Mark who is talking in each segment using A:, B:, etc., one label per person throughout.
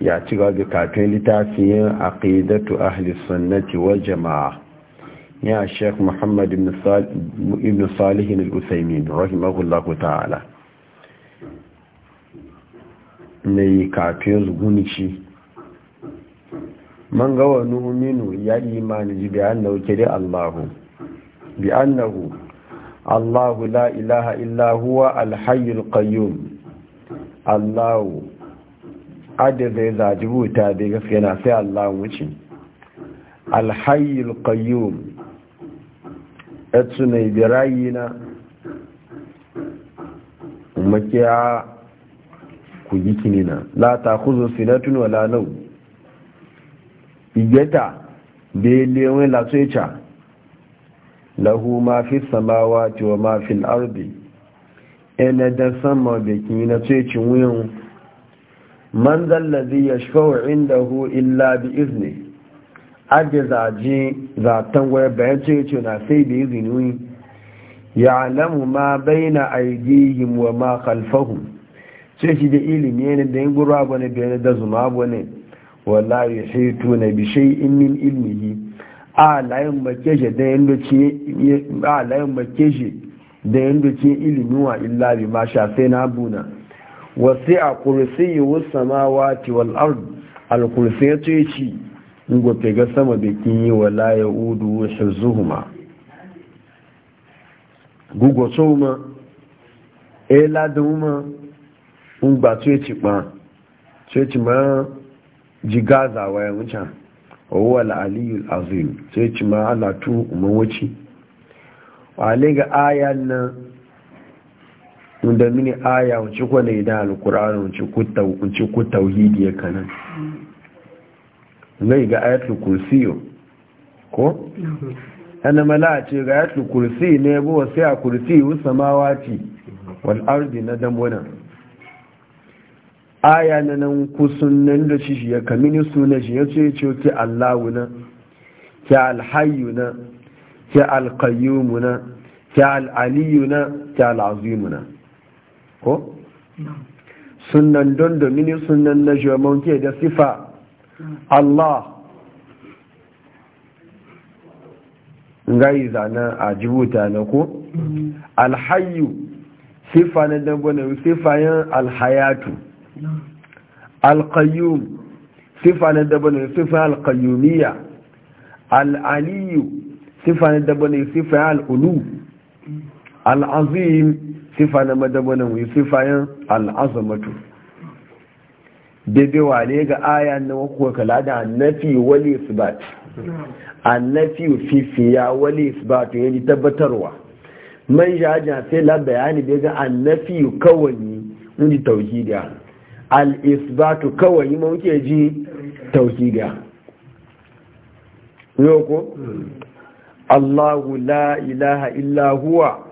A: ya ci gaba katun littafin aqidatu ahli sunnati wal jama'a ya sheikh muhammad ibn salih al-usaimin rahimahullahu ta'ala ne katun
B: zugunici
A: man gawa nu'minu ya imani ji bi annahu allahu bi annahu allahu la ilaha illa huwa al al qayyum allahu adda zai zaji buta da gaskiya na sai Allah wuce alhayyul qayyum etsu ne na. makiya ku yi kinina la ta kuzo sinatun wala nau igeta da lewe la tsecha lahu ma fi samawati wa ma fil ardi ina da sama da kinina tsecin wuyan man zallazi ya shawo inda hu illa bi izini ajiye zaji zaton waya bayan ce na sai bi izini ya alamu ma bayna aidihim wa ma khalfahum ce shi da ilimi ne da yin gura bane bayan da zuma bane wala yuhitu na bi shay'in min ilmihi a layin makeje da yanda ce a layin ilimi wa illa bi ma shafe na buna a wasi'a kursiyyus samawati wal ard al kursiyatu yace ngo pega sama be kinyi wala yaudu hizuhuma gugo soma ela duma ngba ladin ma n tu yace ma jigaza waya wucin owó al'aliyul azim tu yace ma ala tu umma wuci wa ga ayan nan da mini aya wace kwane da alkur'ani wuce ku tauhidi ya kanan zai ga ayatul kursiyo ko? ana mala ce ga ayatul kursi ne buwa sai a kursi wusa mawati wal arzi na damuna aya na nan kusun nan da shi shi ya kamini suna shi ya ce ce allahu na ki alhayu na ki alkayyumu na ki al'aliyu na ki al'azimu na ko sunan don domini sunan na shirman ke da sifa Allah yi zana a jibuta na ko alhayu sifa na dangwane yin alhayatu alkayyum sifa na dangwane sifayen alkayyumiya al'aliyu sifa na dangwane sifayen al'ulu al'azim sifa na madabanan wuyi sifayen al'azamatu daidai wane ga aya na wakuwa kala da annafi wali isbat annafi fifiya wali isbat ya ji tabbatarwa man jaja sai labayani bayani bai ga annafi kawai mun ji tauhidiya al Al'isbatu kawai yi mawuke ji tauhidiya ko, hmm. Allahu la ilaha illahuwa.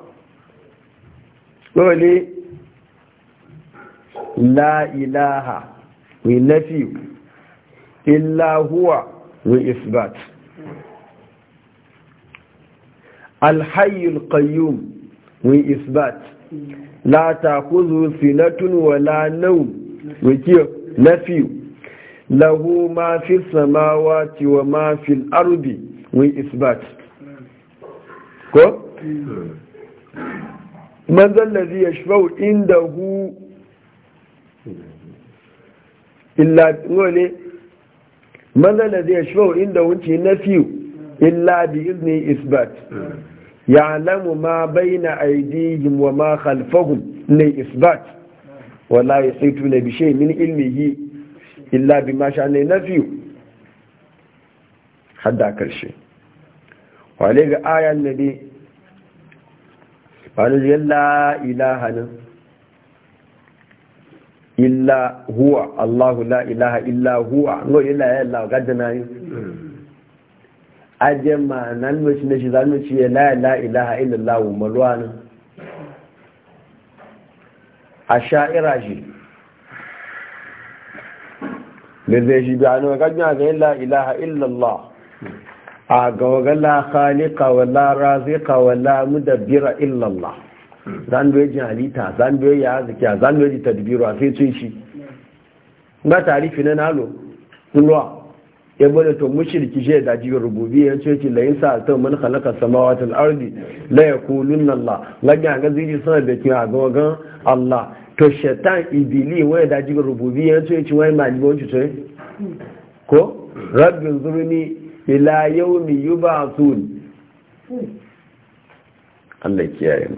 A: Sole, La ilaha wi nafi illa huwa isbat. Alhayyul qayyum wi isbat. La ta kuzu wala naun wikiyo nafi lahu ma fi samawati wa ma fi ardi isbat.
B: Ko? Hmm.
A: man zallazi ya shafau inda hu illa ne man zallazi ya shafau inda hunci na fiye illa bi izini isbat ya alamu ma bayna aidihim wa ma khalfahum ne isbat wala ya saitu na bishe min ilmihi illa bi ma sha ne na fiye hadda karshe wale ga ayan nabi قالوا لا إله إلا هو الله لا إله إلا هو لا إله إلا هو قد نعي أجمع ننمش نشيذ نشي لا لا إله إلا الله ملوان أشائر أجل لذي يجب أنه قد نعي لا إله إلا الله a gawaga la khaliqa wa la raziqa wa la mudabbira illa Allah zan bai jin halitta zan bai ya zakiya zan bai tadbiru a sai tun shi ba tarifi na nalo ruwa ya bada to mushriki je da jiga rububiyya ya ce la in ta man khalaqa samawati wal ardi la yaqulunna Allah la ga zai ziji sana da ki ga ga Allah to shaitan ibili wai da jiga rububiyya ya ce wai ma jibo ce ko rabbin zurni ila yawmi yub'athun Allah kiyaye mu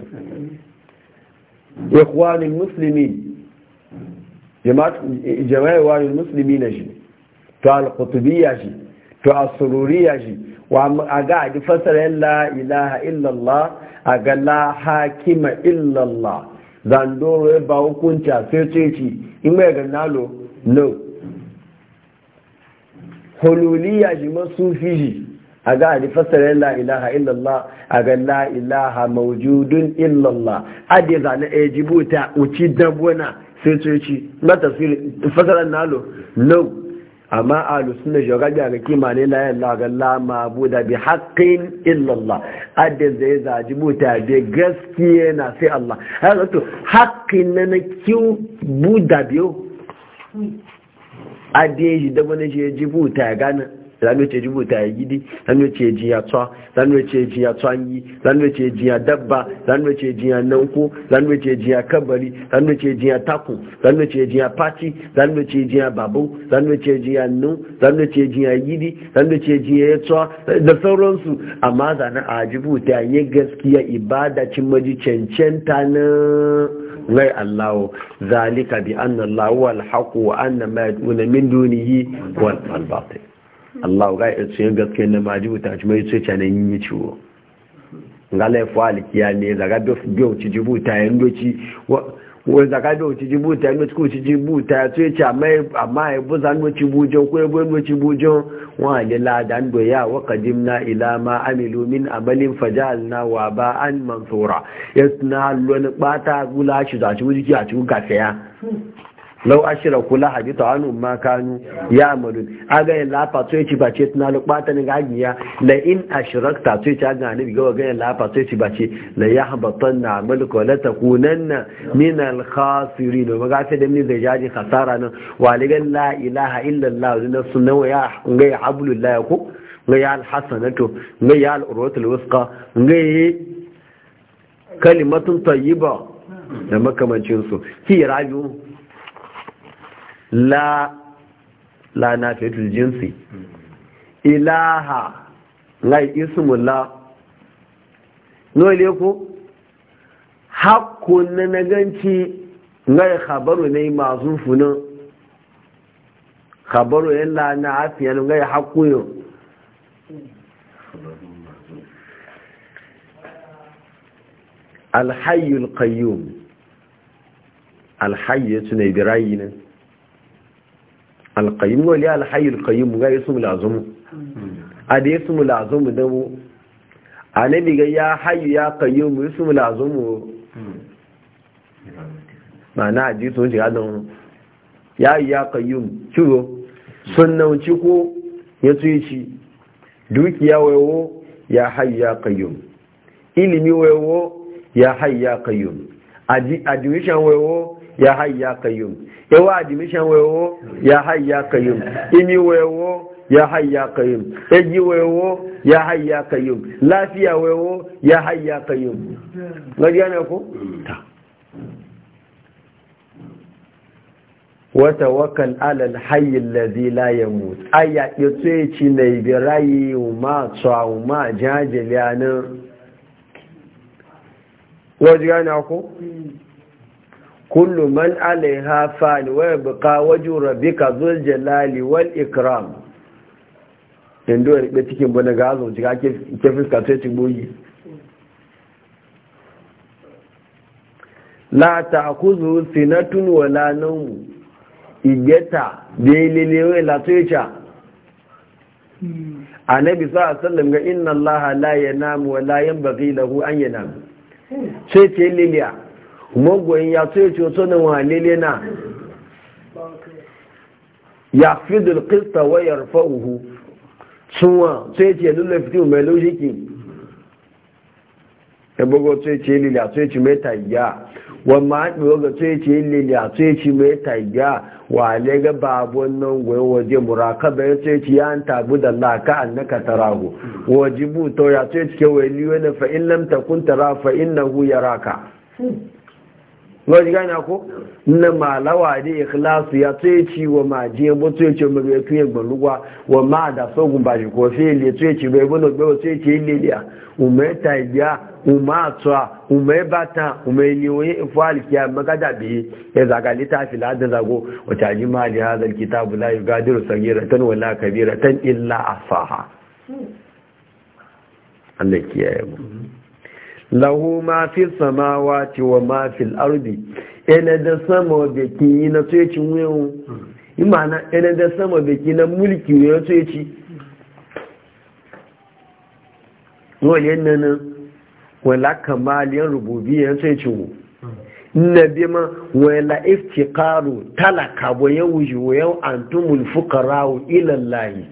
A: ikhwani muslimin jama'a ikhwanul muslimin shi to al-qutubiyya shi to as-sururiyya ji wa aga di fasara la ilaha illa Allah aga la hakima illa Allah zandoro ba hukunta sai ce ci in mai ga nalo no hululiya shi masufi shi a ga a fassara la ilaha illallah a ga la ilaha maujudun illallah adi zane a buta uci dabwana sai coci na tafsiri na lo no amma a lusun da shogabi a ga ma ne la yalla ga la buda, bi haƙƙin illallah da zai za buta, bi gaskiya na sai Allah Haƙƙin na na kiu buda biyo adeji da wani shi ya ji buta ya zanuwa ce jibu ta yi gidi zanuwa ce jiya tsawa zanuwa ce jiya tsanyi zanuwa ce jiya dabba zanuwa ce jiya nanko zanuwa ce jiya kabari zanuwa ce jiya taku zanuwa ce jiya pati zanuwa ce jiya babu zanuwa ce jiya nun zanuwa ce jiya gidi zanuwa ce jiya ya tsawa da sauransu amma zana a jibu ta yi gaskiya ibada cin maji cancanta na rai allahu zalika bi anna allahu alhaqu wa anna ma yad'una min dunihi wal batil Allah ga ya ce gaske na maji wuta ci mai ce yin yi ciwo ga fa alikiya ne zaga biyu ci ji jibuta yin doci wa zaga biyu ci jibuta yan ku ci jibuta ce ci amma amma ya bu zan ci bujo ko ya bu ci bujo wa da ladan do ya wa qadimna ila ma amilu min amalin na wa ba an mansura yasna lon bata gula shi a ci wuji a ci gafiya lau ashira kula habita anu ma kanu ya amalu aga yin lafa to yaci bace tuna lu bata ni gagiya la in ashrakta to yaci aga ni biga ga yin lafa to yaci bace la yahbatanna amaluka la takunanna min al khasirin ma fi da ni zai jaji khasara nan wa ligan la ilaha illa allah na sunan wa ya ngai abdullah ko ngai al hasanatu ngai al urwatul wusqa ngai kalimatun tayyiba da makamancin su ki rabiu la la na fetul jinsi ilaha lai ismullah no ile ko hakkun na naganci ngai khabaru ne masu funan khabaru yalla na afiya ngai hakkuyo alhayyul qayyum alhayyu tunai birayi ne alqayyim wani li alhayyul qayyim ga sumu lazumu a da sumu lazumu da mu A annabi biga ya Hayu ya qayyim ismu lazum mana ji sun shiga don ya yi ya qayyim ciro Sun ci ko ya tsoye shi dukiya wayo ya hayu ya qayyim ilimi wayo ya hayu ya a admission wayo ya hayu ya qayyim yawa admission wewo ya hay ya imi wewo ya hay ya eji wewo ya hay ya lafiya wewo ya hay ya qayyum ngaji Wata ko alal tawakkal ala alhayy alladhi la yamut aya yato ci na ibi rayi ma tsawu ma jajiliana waji ana ku hmm. kullu man alaiha fani wa yabqa wajhu rabbika dhul jalali wal ikram indo ne be cikin bana zo jiga ke ke fuska sai ci boyi la ta'khudhu sinatun wa la nawm igeta delelewe la tucha annabi sallallahu alaihi wasallam ga inna allaha la yanamu wa la yanbaghi lahu an yanam sai ce liliya magwai ya so ya coto na walele na ya fi da dulkista wayar fa'uhu tsunwa so ya ce lullu fiti mai laushiki ya bugo so ya ce lila so ya ce mai tayya wa ma'aɗi ga so ya ce lila so ya ce mai tayya wa ga babon nan gwai waje murakaba ya so ya ce ya an tabu da laka an na ka tarago wajibu to ya so ya ce kewaye liyo na fa'in lamta kun tara fa'in na hu ya raka wani gani ko na malawa da ikhlasu ya tsoyeci wa ma bu tsaye tsoyeci wa mabiya tuye gbalugwa wa ma da sogun ba shi ko fiye e le e ci bai bano gbewa tsoyeci ile e liya umar ta biya umar atsuwa umar bata umar wani ifo alkiya magada biye ya zaga littafi ladin zago wata ji ma da hazar kita la yi gadiru tan wala tan illa asaha hmm. Allah kiyaye mu. Hmm. lahu ma fi samawati wa ma fi al-ardi ina da sama da ki na tsoyaci wuyan imana ina da sama da ki na mulki wuyan tsoyaci wani yana nan wala kamaliyar rububiyar tsoyaci wu na bi ma wala iftiqaru talaka wayan wuji wayan antumul fuqara ila allahi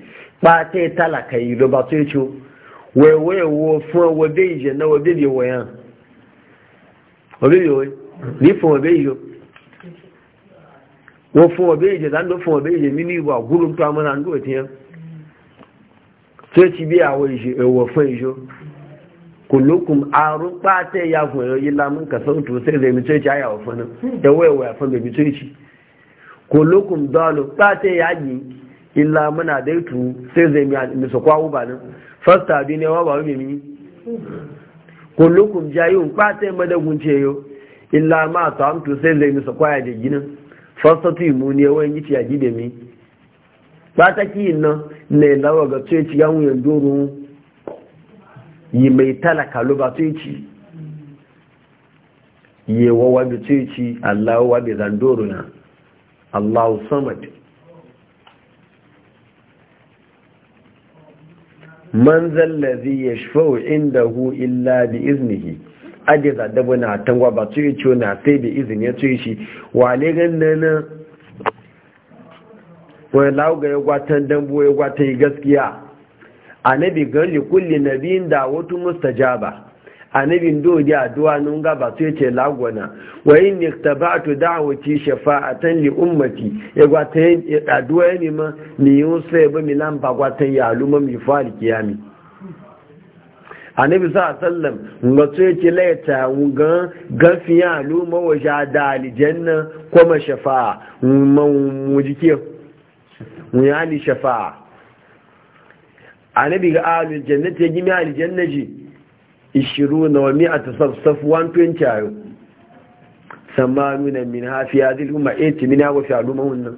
A: ba ta talaka yi ba tsoyaci wu wẹ̀wẹ̀wọ̀ fún ọwọ́dé ìjẹ̀ náà wọ́dé ìdí yán ọdé ìdí ní fún ọdé ìjọ wọ́n fún ọdé ìjẹ̀ dáńdọ́ fún ọdé ìjẹ̀ nínú ìwà gúrú tó amọ́nà ń dúró tiẹ́ tí ó ti bí àwọn ẹ̀wọ̀ fasta bi ne wa ba mi mi kullukum jayun pate madagun ce yo illa ma ta amtu sai zai musu kwaya da ginin first tu mu ne wa yi tiya gibe mi pata ki na ne lawa ga ce ci yan wuyan doro yi mai talaka lo ba ce ci yi wa bi ce ci Allah wa bi zandoro na Allah samad man zallazi ya shafau inda hu illa bi iznihi aje zaɗa na tangwa ba tuyi ciwo na sai bi izini ya tuyi shi ne ganin na wani lauga ya gwatan dambo ya gwatan gaskiya a nabi gan likulli nabi da wata mustajaba annabin dodi addu'a nun gaba sai ce lagwana wa in iktaba'tu da'wati shafa'atan li ummati ya gwata addu'a ne ma ni yusa ba mi nan ba gwata ya aluma mi fali kiyami annabi sa sallam ga sai ce laita ga gafiya aluma wa jada aljanna kuma shafa'a mu jike mu ya ali shafa'a annabi ga aljanna ta gimi aljanna ji 20 wa mi'ata safsaf 120 ayo samanuna min hafi ya zil umma 80 min hawa fi aluma wannan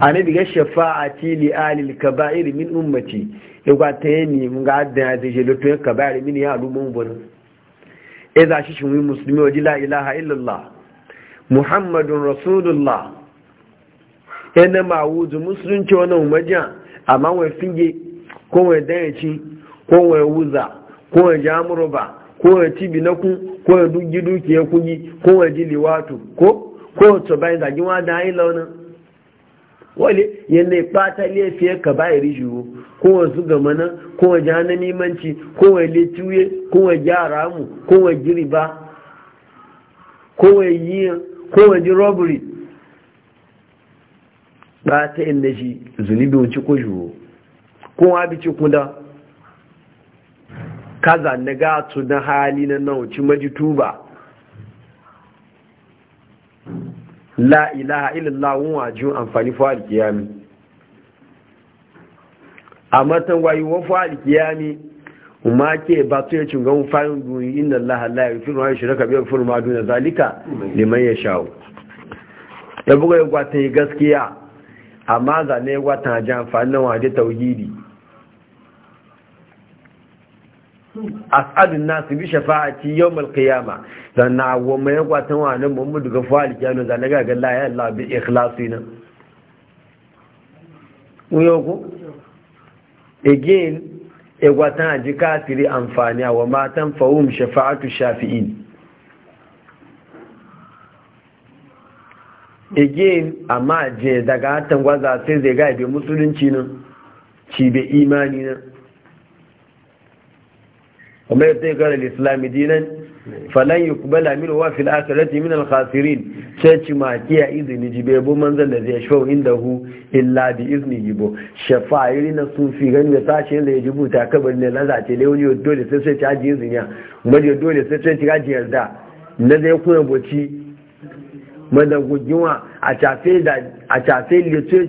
A: ana diga shafa'ati li alil kaba'ir min ummati yagwa ta yami ga adda ya zai jelo tuyan kaba'ir min ya aluma wannan e za shi shi musulmi waje la ilaha illallah muhammadun rasulullah yana ma'awuzu musulunci wani umarjiya amma wai finge ko wai dan ci ko ya wuza ko ya jamuru ba ko ya tibi na ku ko ya duki duki ya kuyi ko ya ji liwatu ko ko ya tuba ya zagi wa da haila launa wale yana ya fata laifiyar ka ba ya ko ya zuga mana ko ya ji hannun nimanci ko ya letuye ko ya gyara mu ko ya ji riba ko ya yi ko ya ji robbery ba ta inda shi zunubi wuce ko shiwo ko wa bi ci kuda kaza na su na hali na nauci majituba la ilaha illallah wajin amfani fa alkiyami a matan wayi wa fa alkiyami umma ke ba to ya cungan fayin duni inna allaha la yaghfiru wa yushraka bihi yaghfiru ma duna zalika liman yasha ya buga ya gwata gaskiya amma zane wata jan amfani na wajen tauhidi as'adun nasu bi shafa'ati yawmal qiyama dan wa mai gwatan wani nan Muhammadu ga da kiyano zan ga ga ya Allah bi ikhlasina uyo ko again e gwatan aji kafiri amfani wa matan fa'um shafa'atu shafi'in again amma je daga hatan gwaza sai zai ga bi musulunci nan ci be imani nan yadda يبتغي غير الإسلام دينا falan yi kuma lamiru wa fil asirati min al-khasirin sai ci ma kiya izini jibe bu manzan da zai shafa inda hu illa bi izni yibo shafa'iri na sufi gani da tashi da ya jibuta kabar ne lazace le wani dole sai sai ci aji izini ya kuma dole sai sai ci aji yarda na zai kuma boci madagugiwa a cafe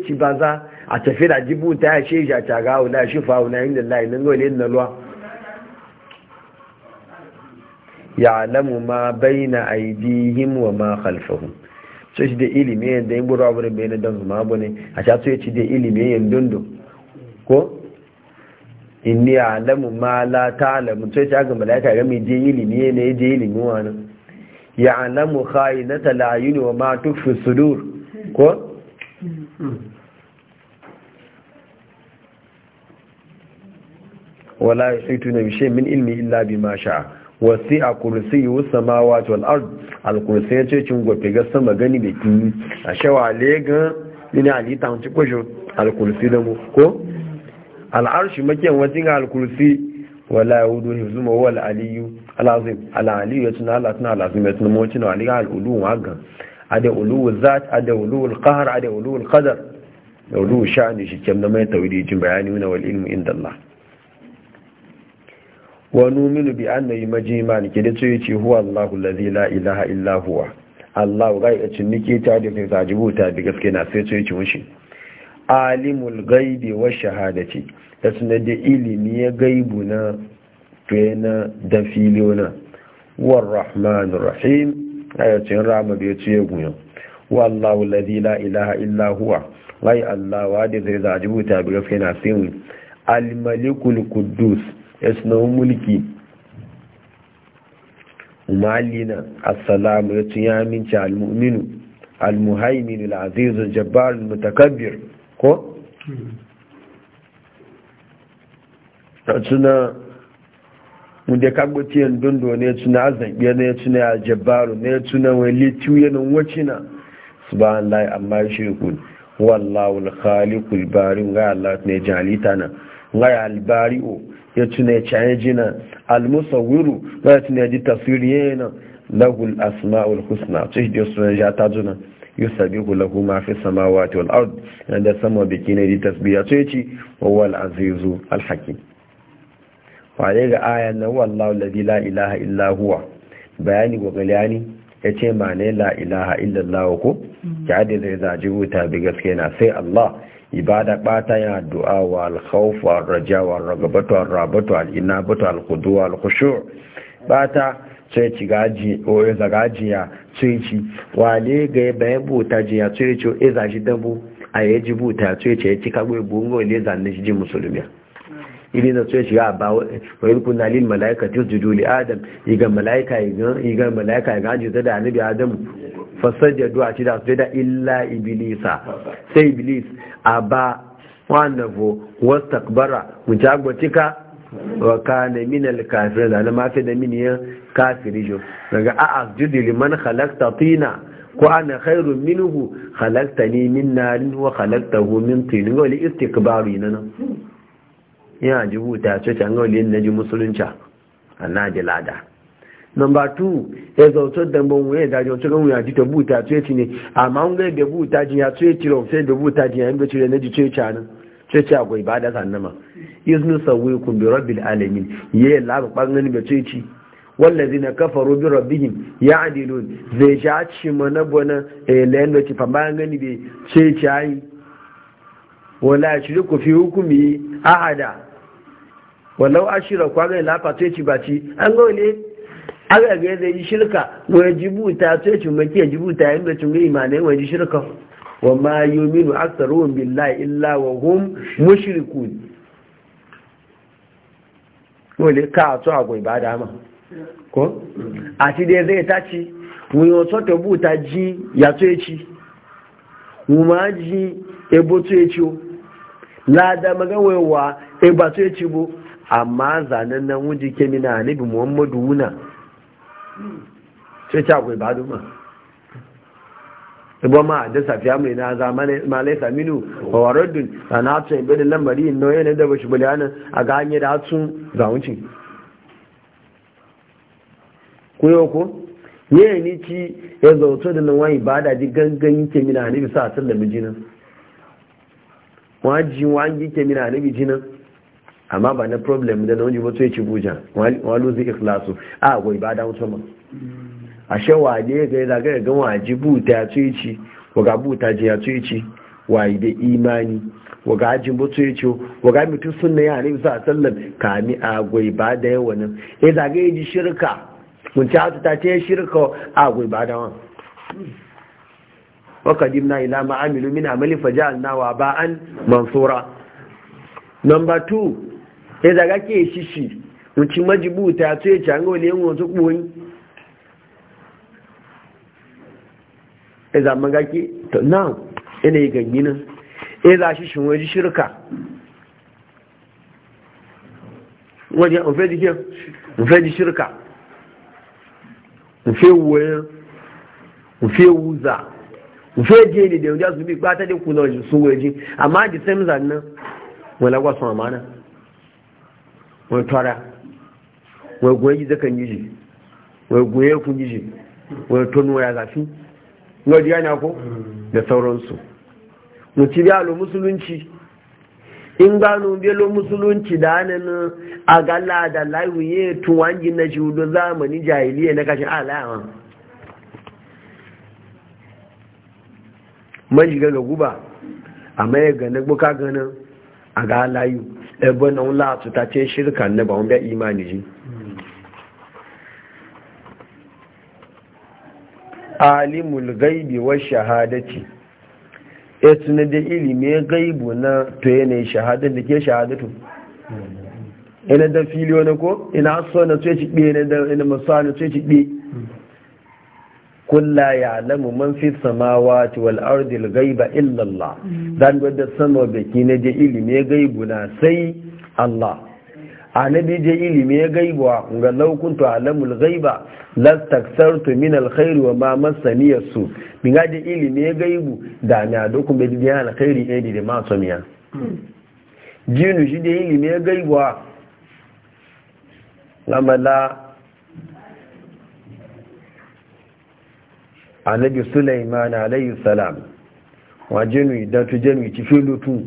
A: ci baza, a tafi da ji buta ya shi a caga wula shi fa'ula inda lai nan gole na luwa ya'lamu ma baina aydihim wa ma khalfahum so shi da ilimi da yin buru aburin bayanin don su ma ne a sha so ya ci da ilimi yin dundu ko inni ya'lamu ma la ta'lamu sai shi ga malaika ga mai je ilimi ne je ilimi wani ya alamu khayinata layuni wa ma tukfi sudur ko wala yasitu na bishe min ilmi illa bima sha'a wasi a kursi yi samawa wal ard al kursi ya ce cin gwafe ga sama gani da kini a shawa legan ina alita wanci kwasho al kursi da mu ko al arshi makiyan wasi ga al kursi wala ya wudu hifzu ma wal aliyu alazim al aliyu ya tuna ala tuna alazim ya tuna mawacin wa aliyu al ulu wa gan ada ulu zat ada ulu al qahar ada ulu al qadar da ulu sha'ani shi na mai tawidi jin bayani wani wal ilmu inda Allah wa numinu bi anna yi majimani ke da tsoye ce huwa allahu lazi la ilaha illa huwa allahu ga ya cin nike ta da kai zajibu ta bi gaske na sai tsoye ce mushi alimul gaibi wa shahadati da suna da ilimi ya gaibu na fena da filiyona war rahmanur rahim ayacin rama da ya ce guyan wallahu lazi la ilaha illa huwa Allahu allawa da zai zajibu ta bi gaske na sai almalikul kuddus ya mulki Malina, assalamu ya tun ya aminci almu'minu almuhaiminu al'azizul jabbar mutakabbir ko suna wanda ka gbaci yan dondo ne suna azanɓe ne suna ya jabbaru ne suna wani tuyanin wacina subhanallah amma shirku wallahu alkhaliqul barin ga Allah ne jalita na ga albari'u ya tuna ya jina almusawiru ba ya tuna ya ji tasiri yana lagun asma'ul husna cikin suna ya ta juna yusabihu lahu ma fi samawati wal'ad ard da sama biki ne ji tasbiya ce ci wa wal azizu al hakim ga ayan na wallahu ladi la ilaha illa huwa bayani ya yace ma ne la ilaha illa ko ki adada da zaji ta bi gaske na sai allah ibada bata ya du'a wa al-khawf wa ar-raja wa ar-ragabatu ar-rabatu al-inabatu al-qudu al-khushu' bata sai ci gaji o e ya zagaji ya sai ci wale ga e bayan e buta ji ya sai ci o ya zaji dabu a yaji buta sai ci ya ci kagwe bungo ne zanne shi ji musulmiya iri na so shiga ba wa yi kuna lil malaika tusjudu li adam iga malaika iga malaika ga ji da annabi adam fasajjadu a ci da su da illa iblisa sai iblis aba wonderful wastakbara mujagwatika wa kana min al-kafirin da ma fi da min ya kafiri jo daga a asjudu liman khalaqta tina ko ana khairu minhu khalaqtani min narin wa khalaqtahu min tin li istikbari nan yana ji huta ya ce can gauli na ji musulunci Allah ji lada Nomba two ya zautar da ban wuya da jautar wuya ji ta buta ce ci ne amma an ga da buta ji ya ce ci rofe da buta ji ya inda ci na ji ce ci nan ce ci akwai ba da sannama iznu sawai kun bi rabbil alamin ya laba bangani ba ce ci wallazina kafaru bi rabbihim ya'dilun zai ja ci mana bona elen eh, da ci fa bangani be ce ci ai wala shiriku fi hukumi ahada wannan ashirar kwagai lafa to ci baci an ga wani aga ga da yi shirka wa jibuta to ci maki jibuta yayin da tunga imanai wa ji shirka wa ma yuminu aktharuhum billahi illa wa hum mushrikun wole ka to ago ibada ko ati dai zai ta ci yo so to buta ji ya to echi ji ebo to echi o la da to echi amma zanen nan wunji ke mina anabi muhammadu wuna sai ci akwai ba ma ibo ma da safiya mai na zamanin malai saminu a waradun a na tun ibe da lambari no yana da bashi buliyanin a ga hanyar da sun zamuci kuyo ko ne ni ci ya zauto da nan wani da ji gangan ke mina anabi sa'asar da mijinan wajin wajin ke mina anabi jinan amma ba na problem da na wani wato ya ci buja walu zai ikhlasu a wai ba da ma a shawa ne ga yi zagaya gan waji buta ya tsoye ci waga buta ji ya tsoye ci wayi da imani waga ajin bu tsoye ci waga mutum sunna ya ne bisa sallan kami a gwai ba da yawan nan ya zagaya ji shirka mun ci hatu ta ce shirka a gwai ba da wani wakadimna ila ma'amilu min amali faja'alna wa ba'an mansura number 2 ya zaga ke shishi wuce majibuta su ya e can gole yin wasu ɓoyi ya zama gaki to now yana yi ganyi nan ya za shi shin waje shirka waje ofe jikin ofe ji shirka ofe wuwayen ofe wuza ofe je ne da yanzu su bi ɓata da kuna wajen sun waje amma a jisan zannan wala kwasan amana wai twara wai goye yi zakan yi ji wai goye kun yi ji wai tonu ya zafi ngodi yana ko da sauransu mu ci biya lo musulunci in gano lo musulunci da nan a galla da laihuye tuwangi na shudu zamani jahiliya na kashin alayawan man shiga ga guba a maye ga na buka ganin a ga layu ebe na wula ta ce shirka na ba wanda imani ji alimul gaibi wa shahadati ya na da ilimi gaibu na to yanayi shahadar da ke shahadatu ina da fili wani ko ina so na tsoye ci ɓe ina masu masana tsoye ci ɓe kulla ya alamu man fi samawati wal ardil gaiba illallah dan wadda sama biki na je ilimi gaibu na sai Allah annabi je ilimi ya gaibu ga laukuntu alamul gaiba lastaksartu min alkhairi wa ma masani su min ga je ilimi ya gaibu da na dokun bai biya alkhairi ne da ma samiya mm. jinu shi je ilimi ya gaibu lamala annabi sulaiman alayhi salam wa jinu da tu jinu ci filutu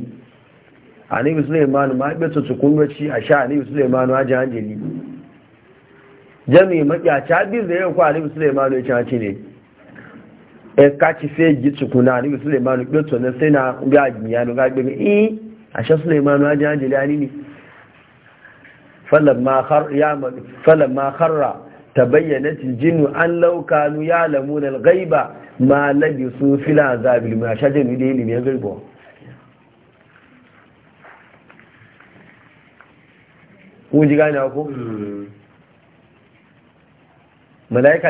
A: annabi sulaiman ma be su kunwaci a sha annabi sulaiman wa jeli jami makiyaci abin da yau ko annabi sulaiman ya ci ne e ka ci fe ji kuna annabi sulaiman be to ne sai na ga giya no ga be E a sha sulaiman wa janjeli ani ne falamma khar ya falamma kharra تبينت الجن أن لو كانوا يعلمون الغيب ما لبسوا في العذاب لما شجر إليه لم ku? mala'ika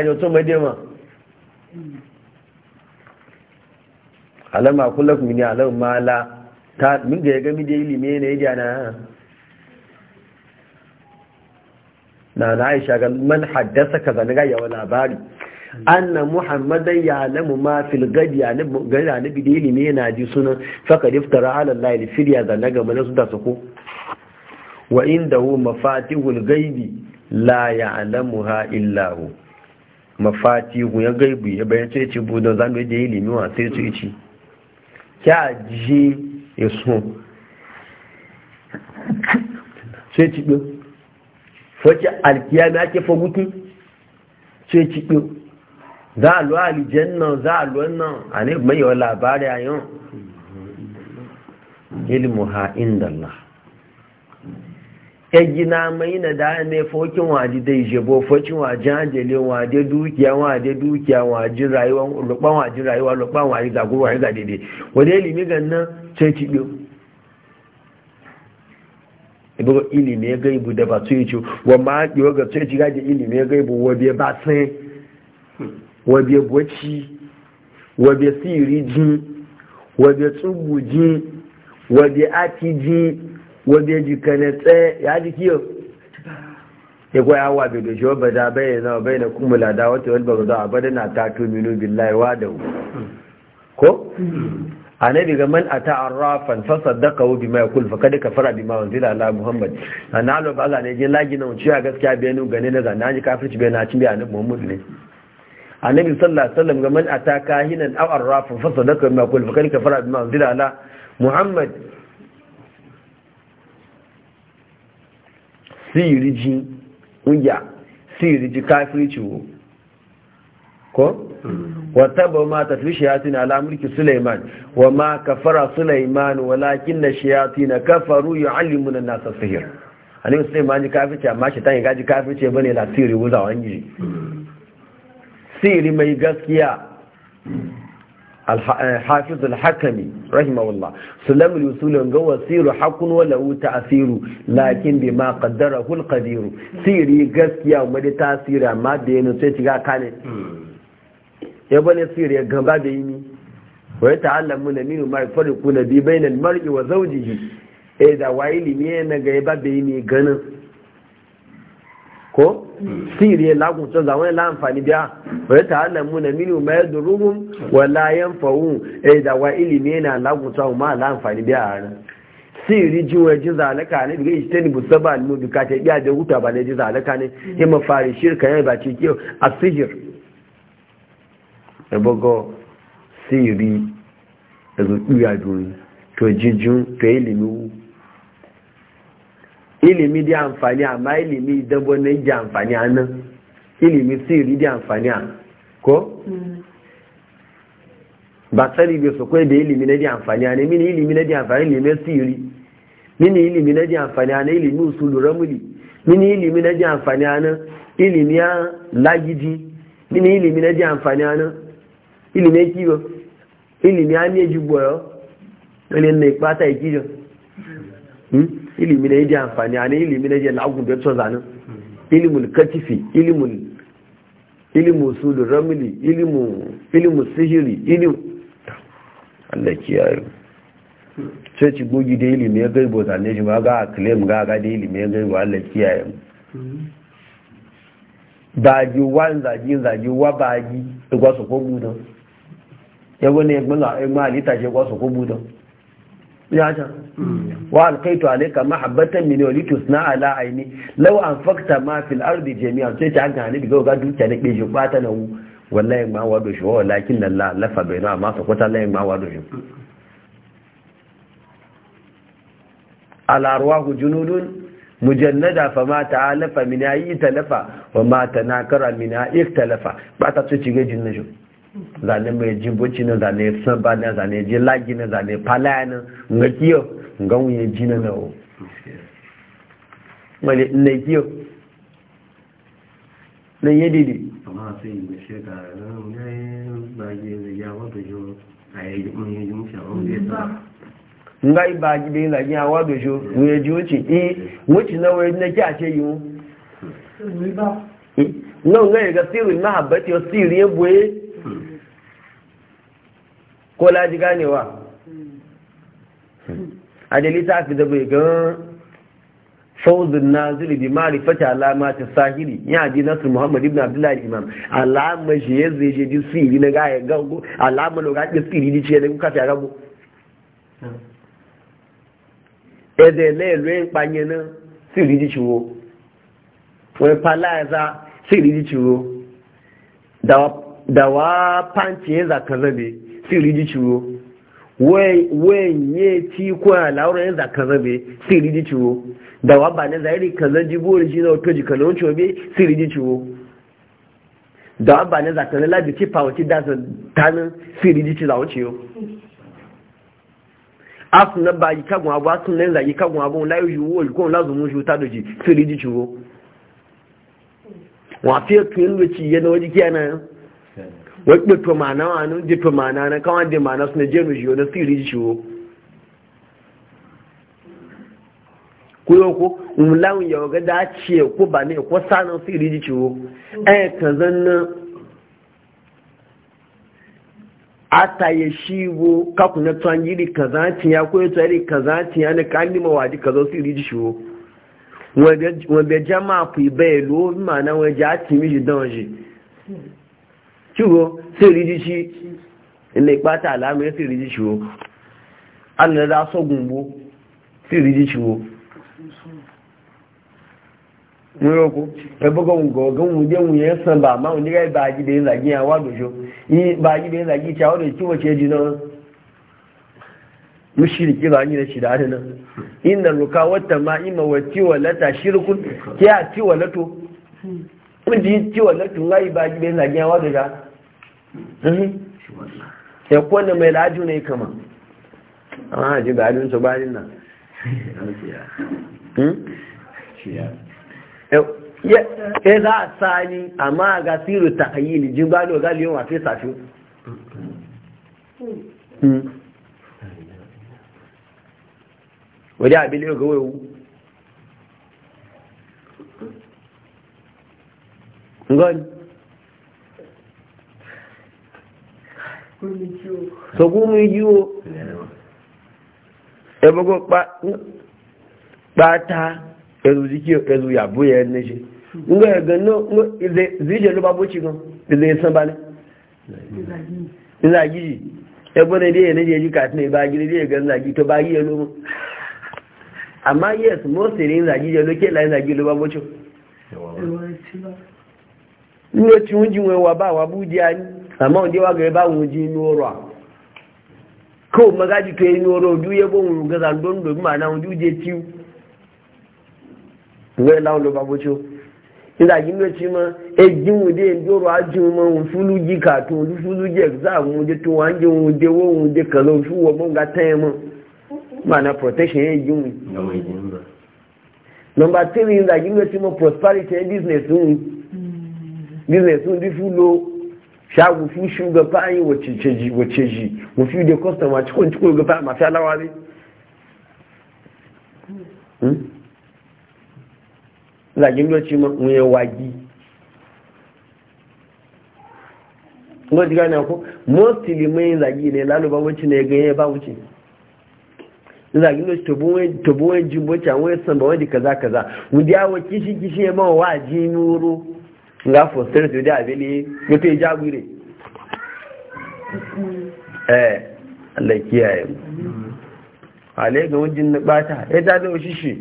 A: alama ta min ga ya gami da ilimi ne ya na na na aisha ga man haddasa kaza na gaya wa labari anna muhammadan ya lamu ma fil gadi ya gari annabi da ne yana ji suna faka diftara ala lail firya da na gama su da sako wa indahu mafatihul gaibi la ya'lamuha illa hu mafatihu ya gaibi ya bayan ce ce budan zamu je ilimi wa sai su ici kya ji yaso sai ci wacce alkiyami ake faguti ce cikin za a luwa alijen nan za a luwan nan a ne mai yawan labari a yau ilmu ha inda Allah ya e gina mai na da ne fokin waje da ishe bofocin waje hajjale waje dukiya waje dukiya waje rayuwa lukban waje rayuwa lukban waje zagurwa ya ga daidai wadda ilimi gannan ce cikin ibo ilimi ya gaibu da ba tsoye ce wa ma yiwa ga tsoye ci gaji ilimi ya gaibu wa biya ba sai wa biya bwaci wa biya siri jin, wa biya tsubu jin, wa biya ati jin, wa biya jikane tsaye ya ji kiyo ya kwa yawa bai da shi wabba da bayyana wa bayyana kuma lada wata wani ba za a bada na ta tuminu billahi wa da ko a annabi ga man ata arrafan fa saddaqahu bima yaqul fa kad kafara bima unzila ala muhammad anna Allah ba Allah ne je lagi na wuce gaskiya bayanu gane na zanna ji kafirci bayana cin bayanin muhammad ne annabi sallallahu alaihi wasallam ga man ata kahinan aw arrafan fa saddaqahu bima yaqul fa kad kafara bima unzila ala muhammad siriji uya siriji kafirci wo ko mm. wata ba ma ta tafi shayatin ala mulki Suleiman, wa ma ka kafara Sulaiman walakin na na kafaru yu'allimuna nasa sihir anin Sulaiman ji ce, amma shaitan ya gaji kafirce bane la sihiri wuza wangi mm. sihiri mai gaskiya الحافظ الحكمي رحمه الله سلم الوصول ga wasiru hakun wala wuta asiru lakin bi ma qaddarahu alqadir mm. siri gaskiya mu da tasira ma da yana sai tiga kane ya bane sir ya gaba da yini wa ya ta'allam na minu ma farqu na bi bainal mar'i wa zawjihi eh da wa ilimi na ga ba da yini ganin ko sir ya lagu to zaman la amfani biya wa ya ta'allam na minu ma yadurum wa la yanfa'u eh da wa ilimi na lagu to ma la amfani biya ran siri jiwa ji zalaka ne daga ishtani busaba al-mudu ka ta biya da huta ba ne ji zalaka ne ya mafari shirka ne ba ce kiyo asihir ebogo siri ezukuya duni to jijun to ilimi ilimi di amfani amma ilimi dabo na ji amfani a ilimi siri di amfani a ko? ba tsari bai su kwai da ilimi na di amfani ana ne mini ilimi na di amfani ilimi siri mini ilimi na di amfani ana na ilimi usulu ramuli mini ilimi na di amfani ana ilimi a lagidi mini ilimi na di amfani a ilimi kiyo ilimi ani ejugbo yo na ipata ikiyo hmm? ilimi na eji amfani ani ilimi na eji lagun be to zanu ilimul katifi ilimul ilimu usul ramli ilimu ilimu sihiri ilimu Allah kiyaye sai ci gogi da ilimi ya gaibo zane shi ma ga claim ga ga da ilimi ya gaibo Allah kiyaye mu ba ji zaji zaji wa baji. ji igwa su ko gudan yawon ali halitta shi kwasu ko budan ya
B: can
A: wa alkaitu alaika mahabbatan min olitus na ala aini Lau an fakta ma fil ardi jami'a ce ta ga halitta ga ga dukiya da beji bata na wallahi ma wado shi wa lakin la lafa a ma sa kwata lain ma wado shi alarwahu junudun mujannada fa ma ta, ta'alafa min ayi talafa wa ma ta tanakara min ayi talafa ba ta ce na shi. zane mai jimboci na zane sanba na zane je lagi na zane palaya na nga kiyo nga wunye ji na na o wale na kiyo na yi didi nga yi iba gibe zagi awa dojo wunye ji wuce eh wuce na wunye na ce yi wun nga wunye ga siri mahabbati wa siri ya buye ko laji ganewa a da littafi da bai gan fauzin nazili bi marifata alamata sahili ya ji nasir muhammad ibn abdullahi imam alama shi ya zai je ji siri na gaya gago alama na gaɗe siri ni ce ya kuka fi rago ẹ̀dẹ̀ lẹ́ẹ̀lú ìpanyẹ náà sí ìrídí ṣòro wọ́n pàlá ẹ̀zá sí ìrídí dàwà pàǹtì ẹ̀zà kan lẹ́bẹ̀ẹ́ siri ji ciwo wenye ti kwa laura yanzu ka zabe siri ji ciwo da wabba na zairi ka zan ji buwar shi na wato ji kalon cobe siri ji ciwo da wabba na zaka na labi ci fawaci dasa tanin siri ji ci zawon ciwo asu na ba yi kagun abu asu na yanzu yi kagun abu layu yi wo ikon lazumu shi wuta doji siri ji ciwo wafe tun e e yanzu ci yana wajen kiyanan wadda to mana wani je to mana na kawai je mana su na je mishi wani siri ciwo kuyo ko mulawun ya waga da ce ko ba ne ko sanin siri ciwo eh kan zanna ata ya shiwo kaku na tuwan yiri kaza tiya ko ta ya tuwa kaza tiya na kandi mawadi kaza siri ciwo wanda jama'a ku bai lo ma'ana wajen ati mishi don shi kíwò sí ìríjí sí ilé ìpátá àlámẹ́ sí ìríjí sí o alẹ́dá sọ́gun sí ìríjí sí o mú ya eh? eh, kwanne mai laju ne kama amma ah, haji ga su bayan nan hmm? eh, ya za a sani amma ga siru ta hayi ne jin balo ga liyon wafe safi hmm? wajen abin liyo ga wewu ngani sọkúnmù yíò ẹgbogbo pátá ẹ̀rù díkí ẹ̀rù yàbó ẹni ṣe ngo ẹ̀gàn náà zíjẹ̀ ló bá bó ṣe gan ilẹ̀ ẹ̀sán bá ní nílá ẹgbọ́n ilé ẹ̀ní yẹ yí kàtí ìbá gírí ẹ̀gàn nílá yìí tó bá yí ẹ ló mú àmá yes mọ́sí ní nílá yìí ló kí láì nílá yìí ló bá bó ṣe ní ó ti ń jí wọn wà bá wà bú jẹ́ ayé àmọ́ òde wá gẹ̀rẹ́ báwọn jí inú ọrọ̀ à kó o mọ́gá jù tó inú ọrọ̀ ojú yẹ bó òun gẹ́gà ń dóńdó bí màá náà ojú jẹ tíú wẹ́ẹ́ láwọn ló bá wude nígbà yìí ló ti mọ ejí wọn dé ndí ọrọ̀ ajú mọ òun fúlú jí kàtún òun fúlú jí ẹ̀gbáàmù òun dé tó wọn jẹ òun dé na protection yẹn ejí
B: wọn.
A: Nomba tiri nígbà yìí ló ti mọ prosperity business ń mm. business ń bí shagu fi shugaba yi wace ji mafi da kwastama cikon cikon gaba mafi alawa ne hmm? zagin lokaci mai wagi wọ́n ti gánà kó mọ́sílì mẹ́yìn zagi ne lálùbá wọ́n ne ganye ba wuce zagi lokaci tobowar jimboci àwọn yasan ba wọ́n kaza kaza wọ́n di awon kishi kishi ya mawa wa ji nga fún sẹ́rẹ̀sì òdí àbílé nítorí ìjágbìrì ẹ̀ alẹ́kí ẹ̀ alẹ́gbẹ̀ wọ́n jí nígbàtà ẹjá ní òṣìṣì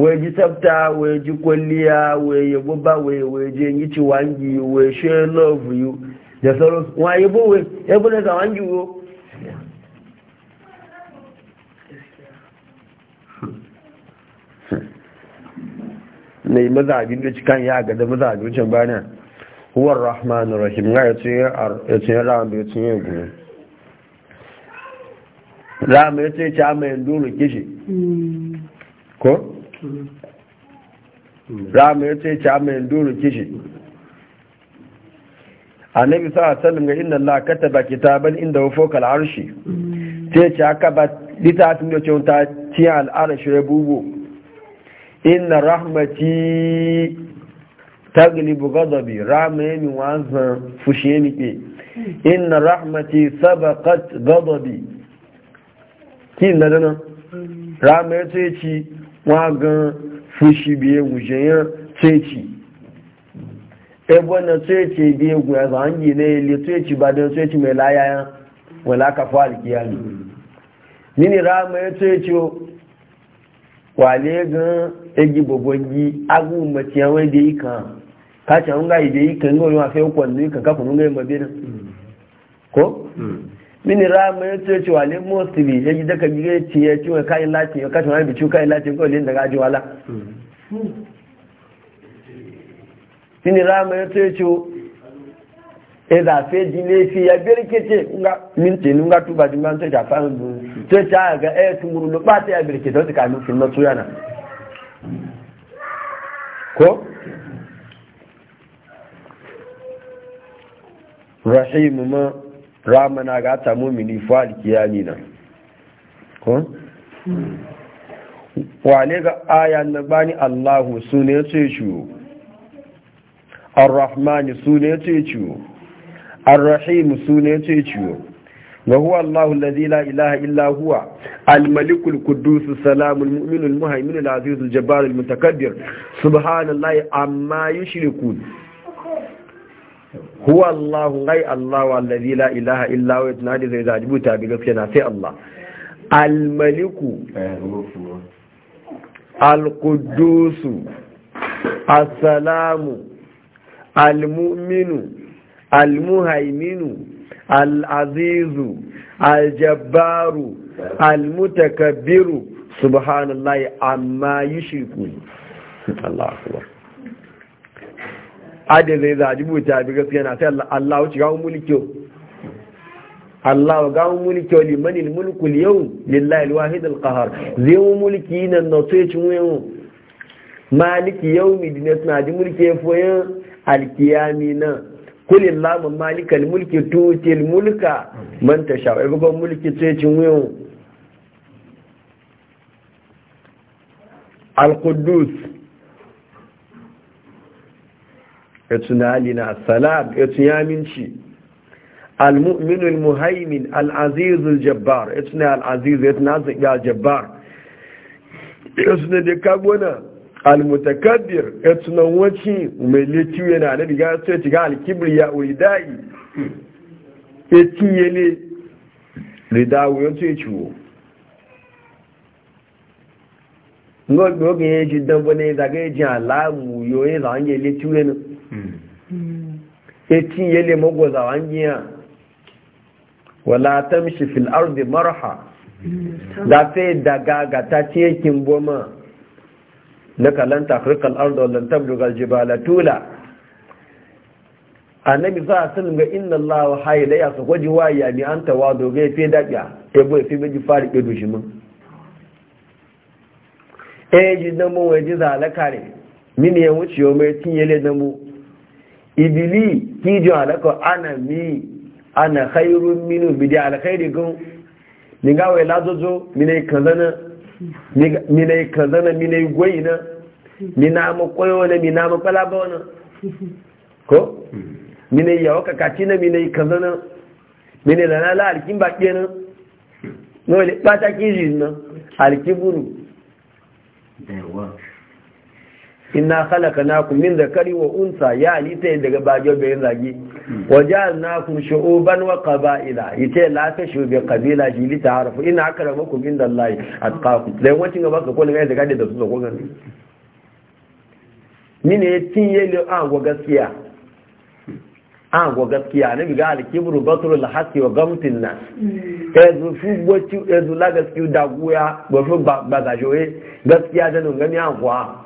A: wọ́n jí sẹ́pítà wọ́n jí kọlíà wọ́n yẹ gbọ́bá wọ́n jí ẹ̀yí ti wọ́n ṣẹ́ lọ́ọ̀bù wọ́n ayébọ̀wẹ̀ ẹgbọ́n na yi mazabin da cikin ya ga da mazabin wucin bana huwar rahman rahim ya ce ya ram da ya ce ya gumi ram ya ce ya mai dole kishi ko ram ya ce ya mai dole kishi annabi sa sallam ga inna allaha kataba kitaban inda fawqa al-arshi mm. ce ya ka ba litatin da ce ta tiya al-arshi ya inna rahmati taglibu ghadabi ramayni fushi fushiyeni pe inna rahmati sabaqat ghadabi kin da dana ramay ce e ci gan fushi biye wujeyan ce ci ebo na ce ce biye guya zangi ne le ce ci ba da ce ci mai layayan wala kafa alkiyami mini ramay ce e ci wale gan egi bobonji agu mati awon de ikan ka ta nga ide ikan ngo lo afi ko ni kan ka fun ngai mabira ko min ra ma yace ci wale mostly yaji daga gire ci ya ci kai lati ka ta bi ci kai lati ko le daga ji wala min ra ma da fe dile fi ya berkete nga min te nga tuba di man to ja fa ndu to ta ga e tumuru lo ba ta ya berkete to ka a na tuyana ko rahimu ma ramana ga ta mumini fa alkiyami na ko wane ga aya na bani allahu su ne ce ciwo arrahmani su ne ce ciwo arrahimu su ne ce ciwo وهو الله الذي لا إله إلا هو الملك القدوس السلام المؤمن المهيمن العزيز الجبار المتكبر سبحان الله عما يشركون هو الله غي الله الذي لا إله إلا هو يتنادي زي زاجبوتا بغفشنا سي الله الملك القدوس السلام المؤمن المهيمن al'azizu aljabaru almutakabiru subhanallah, amma yi shirku Allah zai adin zai zaji buta bi gaskiya na sai Allah wuce gawon mulkiyo Allah wa gawon mulkiyo limanin mulkul yau lillahi alwahid alqahar zai mu mulki nan na so cin wayo maliki yau midinat na ji mulki ya foyan alkiyami nan kulin lamun malikan mulki tutil mulka man ta sha ibugon mulki cecin wiyon al-quddus na nalina salam ya minci al-mu'minu al-muhaimin al-azizu al-jabbar etu ne al-azizu yasu nasu ya jabbar etu ne da kagwana almutakabbir etunan waci mai lekiyo yana da riga sai ci ga alkibir ya uridai etin yele ridawo yanzu ya ciwo gbogbo oge ya ji dan bane zaga ya ji alamu yoyin zawon ya lekiyo yana etin yele magwa zawon ya wala tamshi fil arzi marha da hmm. sai daga ga ta ce kin boma laka lan takhriqal ardu wa lan tablughal jibala tula annabi sa sallam ga inna allaha hayy ya sako wa ya bi anta wado ga fi daga e boy fi bi fari ke dushi e ji dan mu waje zalaka ne min ya wuce yo mai tin yele dan mu ibili ki ji alaka ana mi ana khairun minu bi di alkhairi gun ni ga wai lazozo mi ne kazana Minai kazana, kaza na mina yi gwai na mina ko mina yi yawa kakaci na mina yi kaza na mina yi lana alkin baƙi na na wani ɓata kiri na alkin buru inna khalaka nakum min dhakari wa unsa ya alita daga bajo bayan zagi wa ja'alnakum shu'uban wa qaba'ila yace la ta shubi qabila ji li ta'arafu inna akramakum indallahi atqakum dan wancin gaba ka kullu ga da su zo gani mine tin yele an go gaskiya an go gaskiya ne ga al-kibru batrul haqqi wa gamtin nas
B: hmm.
A: ezu fu gwaci ezu la gaskiya da guya ba fu ba ga joye gaskiya da nan gani an kwa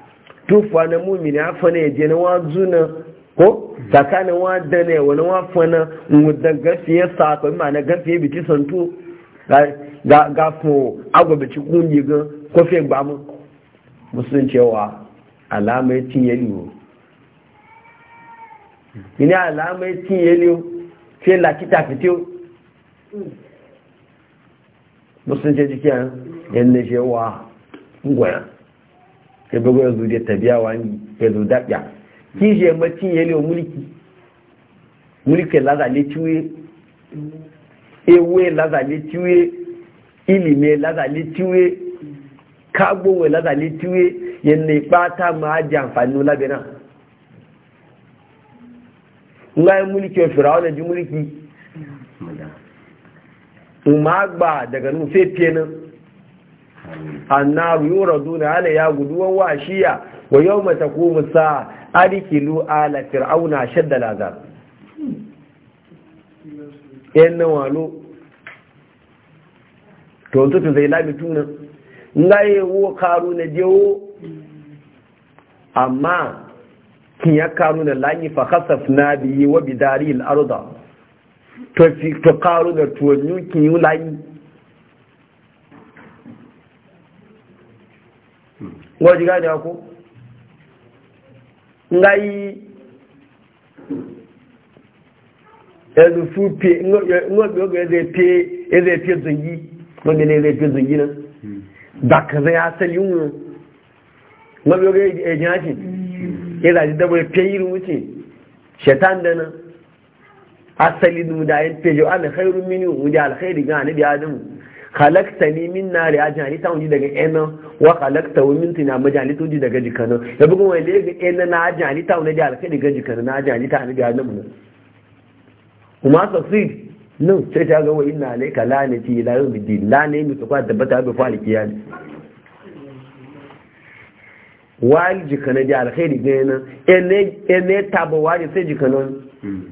A: tufa na mumini afa ne je na wazu na ko tsakanin wadda ne wani wafa na wadda gafiye sakon ma na gafiye biti santu ga fo agwabici kungi ga kofe ba mu musun cewa alamai tinye liyo ni alamai tinye liyo fe lakita fitiyo musun ce jikin yan na cewa ngwaya sai bugu yanzu da tabiya wani ya zo daɗya kishi ya mace ya lewa mulki mulki laza ne ciwe ewe laza ne ciwe ilime laza ne ciwe kagbowe laza ne ciwe yana ipata ma aji amfani labe na nga yi mulki ya fira wani ji mulki umar gba daga nufe fiye nan annaru yuraduna alayya guduwan washiya wa yawma taqumu sa adikilu ala fir'auna shadda lazab yan walo to to zai lami tunan ngaye wo karu na jewo amma kin ya karu na lanyi fa khasafna bihi wa bidari al-arda to fi to karu da to nyukin lanyi ngoji gani ako ngai ezu fupe ngobi oge eze pe eze pe zungi ngobi ne eze pe zungi na baka zai asali yunwa ngobi oge ejin haji hmm. eza ji dabo e pe yi wuce shetan da na asali nuda yin e pejo ana khairu mini wuce alkhairi ga bi adamu halakta ni min na a jihani ta wuji daga enan wa halakta wa min tina majali ta wuji daga jikana da bugun wani da ga enan na jihani ta da daga daga jikana na jihani ta wuji daga nan kuma succeed nan sai ta ga wa inna alaika lanati ila yawm bidin la ne mi da bata bi fa'al ne wal jikana da alkhairi ga nan ene ene tabo wani sai jikana hmm.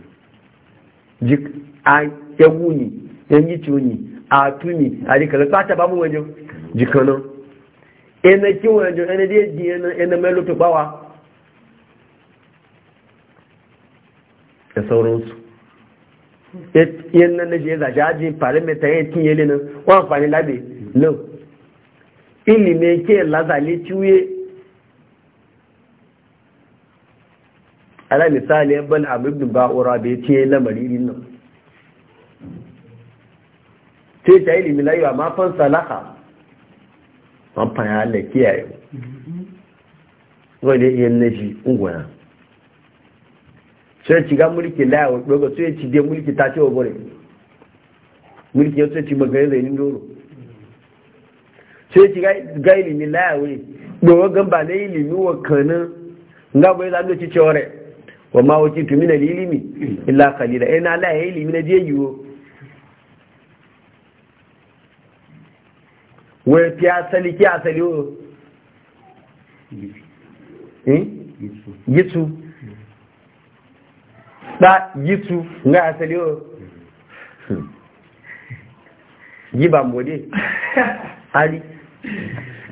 A: jik a yawuni yi ciwuni a tuni a jika da sata babu wajen jikanan ina kin wajen ina da yadda yana ina mai lutu bawa
B: da sauransu
A: yana na shi ya zaji aji fari mai tare kin yale nan wani fari labe nan ilimi ke laza ne ciwe ala misali ibn abu ibn ba'ura bai ce lamarin nan sai ta ilimi a amma fan salaha an fanya Allah kiyaye wani yin nashi ungwana sai na ga mulki layu daga sai ci dai mulki ta ce wa ya ci magana zai nin doro sai ci ga ilimi layu ne daga gamba na ilimi wa kanin nga bai ci cewar wa ma ilimi illa kalila ina wai fi asali ki asali o yitu eh? da yitu nga asali o yiba mode ali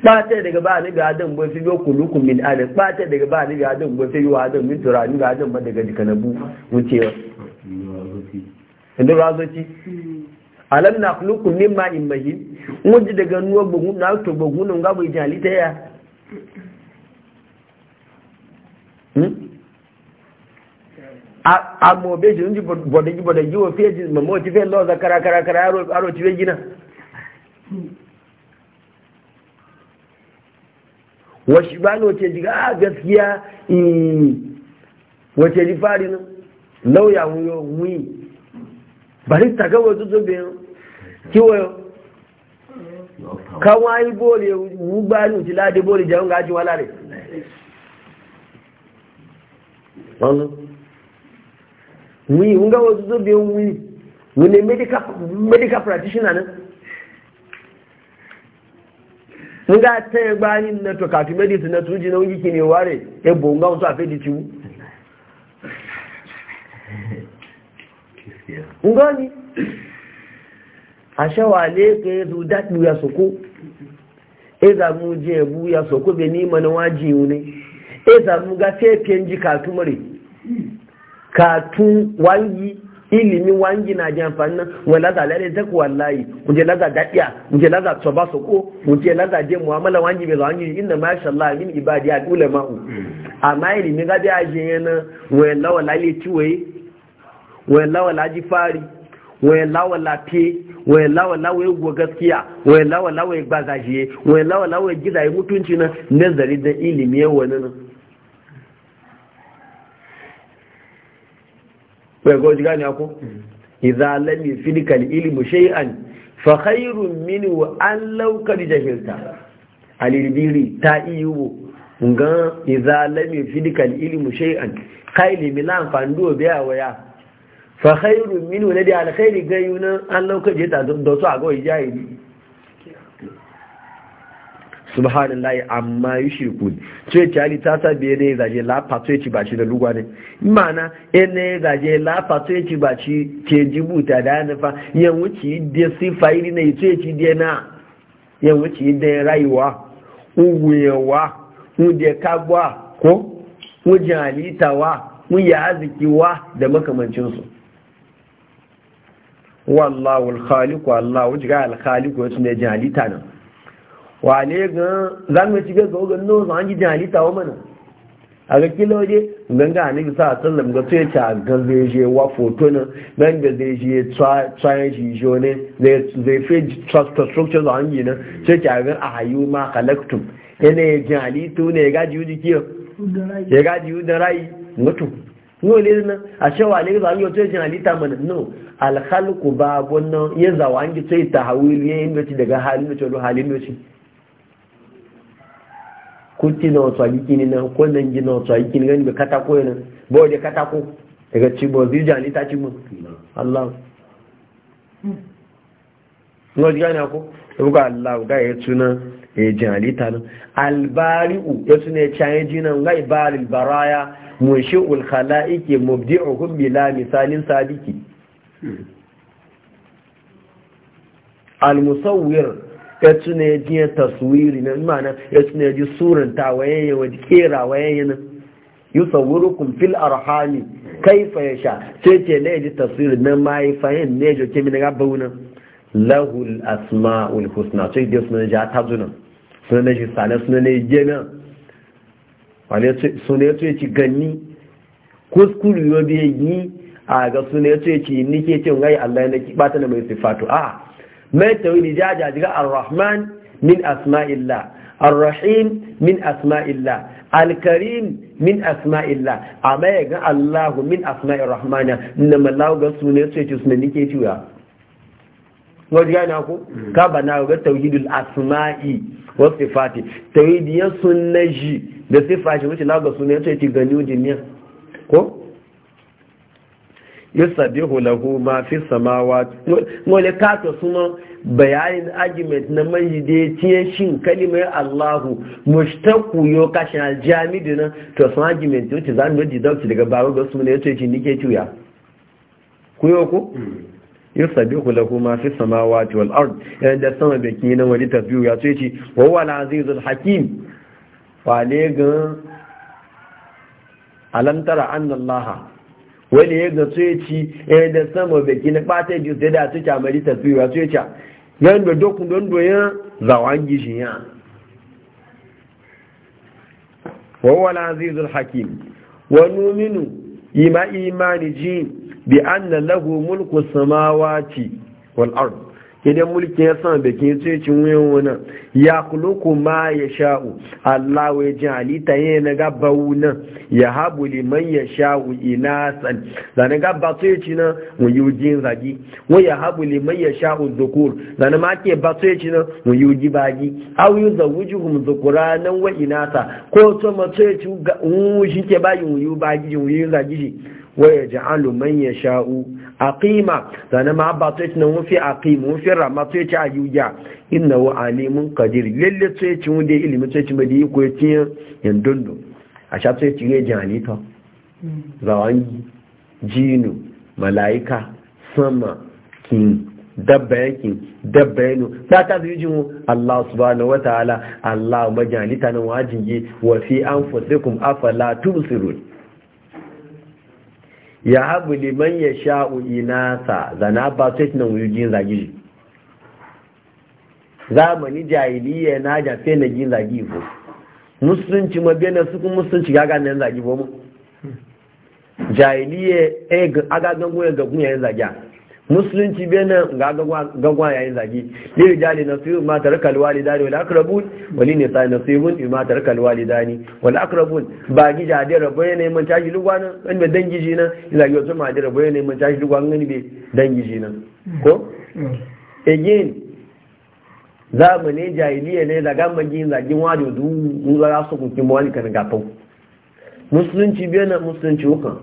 A: ɓata daga ba ni ga adam gbọ́n fi yau kulukun min adam ɓata daga ba ni ga adam gbọ́n fi yau adam min tura ni ga adam ba daga jika na bu wucewa inda razoci alam na lókùn ní ma ìmọ̀ yìí wọ́n daga nuwa gbogun na to gbogun nan gabo ijin halitta ya hmm? a mo be ji ji bode ji bode ji mo ti fe lo za kara kara kara aro aro ba no ce diga a gaskiya hmm, wace ji fari nan lauya wuyi bari ga wasu zobe Ka wá rí bóòlì wú gbá ní òtí láti bóòlì jẹun gájú wá láre ọ̀nà wí ń gáwọ́ tó tó bí ń Nga ni medical practitioner ní ń gá tẹ́ ẹgbá ní nẹ́tọ̀ kàtí medicine nẹ́tọ̀ ashawale ka yazo dadu ya soko eza mu je ya soko be ni mana waji ne eza mu ga fefen ji katu mure katu wangi ilimi wangi na ji amfani nan wa laza lalai ta kuwa layi muje laza daɗiya muje laza tsoba soko muje laza je mu'amala wangi bai zawangi inda ma sha Allah min ibadi a dole ma'u amma ilimi ga bi a je yana wa lawa lalai ciwaye fari wai lawa lafi wai lawa wai gwa gaskiya wai lawa wai ya wai lawala wai gida ya mutunci na nazari da ilimi ya wani nan wai gwaji gani ako idza lami filikal ilimu ilmu shay'an fa khayrun minhu an laukar jahilta al ta iyu ngan Iza lami filikal ilimu ilmu shay'an kai limi lan fandu biya waya fa khairu minhu nadi alkhairi gayuna an je ta da su a goyi jahili subhanallahi amma yushrikun ce cali ta sabe ne zaje la ci ba shi da lugwa ne mana ene zaje la ci ba shi ke jibuta da na fa yan wuci de sifa iri ne ce ci de na yan wuci de rayuwa uwewa mu kagwa ko mu alitawa mu ya azikiwa da makamancinsu wallahu alkhaliqu wallahu jiga alkhaliqu wasu ne jalita nan wale ga zan mu cike ga ga zan ji jalita wa mana a ga kilo je ga annabi sa sallam ga sai ta ga je wa foto nan nan ga je try try ji jone they zai fi trust structure zan yi nan sai ta ga ayu ma khalaqtum yana jalitu ne ga ji jiki
B: ya ga
A: ji da rai mutum yóò lè ná àṣẹwà àlẹ́gbà yóò tó ìṣẹ́ àlítà mọ̀ náà alhalku ba abun náà yẹ zàwà ń tó ìta hawilu yẹ indoci daga halinoci olu halinoci kuti na wasu agikini na kwanan gina wasu agikini gani bai katako yana bai da katako daga e cibo zija alita cibo allah e e na ji gani ako ruga ga ya alita albari'u ya tuna ya ga baraya munshi'ul khala'iqi mubdi'uhum bila misalin sadiki al-musawwir ya tune ji taswiri na ma'ana ya tune ji surin ta waye wa kera waye ne yusawwirukum fil arhami kaifa yasha sai ce ne ji taswiri na mai fahim ne jo kimi daga bauna lahul asma'ul husna sai ji sunan ja tazuna sunan ji sana sunan ji nan suna ya ce ci ganni kuskuri yau da yi a ga suna ya ce ci ni ke ce Allah ya ba ta na mai sifatu a mai tawili jaja jiga arrahman rahman min asma'illah al rahim min asma'illah al-karim min asma'illah a ya ga Allah min asma'ir rahmana na, mallahu ga suna ya ce ci suna ni ke ciwa wajen na ku mm. ka ba na ga tauhidul asma'i wasu fati ta yi diya sunna shi da sifa shi wuce labar suna ya ce gani ujin ya ko yasa bi hulahu ma fi samawa wale kato suna bayanin argument na manji da ya ciye shin kalimai allahu mushtaku yo kashin aljami da nan to sun argument wuce za mu yi deduct daga babu da suna ya ce nike tuya ku yau ku mm. yusabbihu lahu ma fi samawati wal ard yanda sama da kina wani tasbihu ya ce ci wa huwa al azizul hakim wale ga alam tara anna allaha wa ya ga ce ci yanda sama da kina bata ji da da su kamari tasbihu ya ce ci da dokun don doya zawangi shi ya wa huwa al azizul hakim wa nu'minu ima imani jin bi anna lahu mulku samawati wal ard idan mulki ya san da kin ce cin wayan wani ya kuluku ma ya sha'u Allah wai jin halitta ya na gaba wunan ya habu liman ya sha'u sani da na gaba sai ci na mu yi ujin zagi wa ya habu liman ya sha'u zukur da na ke ba ya ci na mu yi uji bagi aw yu zukura nan wa sa ko to ma sai ci wuji ke bayi mu yi bagi mu yi zagi waya ja'alu man a ƙima zane ma ba to tin mun fi a mun wufi rama to yace ina wa alimun qadir lalle to yace mun ilimin ilimi to yace mai yi ko yace yin dondo a sha to yace ne janita to jinu malaika sama kin dabba yakin dabba yano ta ta zai jin Allah subhanahu ta'ala Allah majalita na wajin yi wa fi anfusikum afala tubsirun ya habu liman ya sha'u inasa zana ba su yi nan wujin zagi zamani jahiliya na jafe na gin zagi ko musulunci mabiya na sukun musulunci gaga eh, na yin zagi ko mu jahiliya agagan goyon ga kunyayen zagiya musulunci bena ga gagwa yayin zagi ne rijali nasibun ma tarakal walidani wal aqrabun wali ne sai nasibun ma tarakal walidani wal aqrabun ba gi da rabo ne mun tashi lugwana an da dangi jina zagi wato ma da rabo ne mun tashi lugwana ngani be dangi jina ko again zamanin jahiliya ne daga magin zagin wajo du mun za su kun kin wani kan gafau musulunci bena musulunci hukan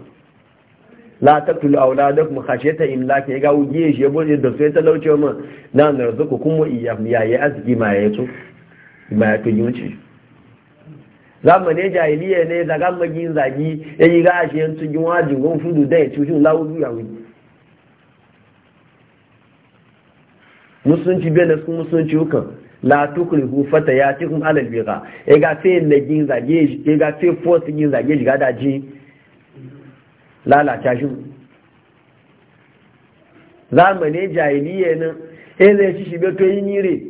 A: la taqtulu auladakum khashyata imlak ya gawo giye shi bo da sai lauce mu na narzuku kuma iya ya yi azgi ma ya to ma ya to yunci ne jahiliya ne gamma gin zagi ya yi ashe yan tugin wajin gon fudu da ya tushin lawudu ya wuce musulunci bene su musulunci uka la tukrihu fatayatikum ala albiqa e ga fe legin zage e ga fe force gin zagi ga ji. lalata shi zamane jahiliya nan ɗaya eh, zai ci shi beto yi nire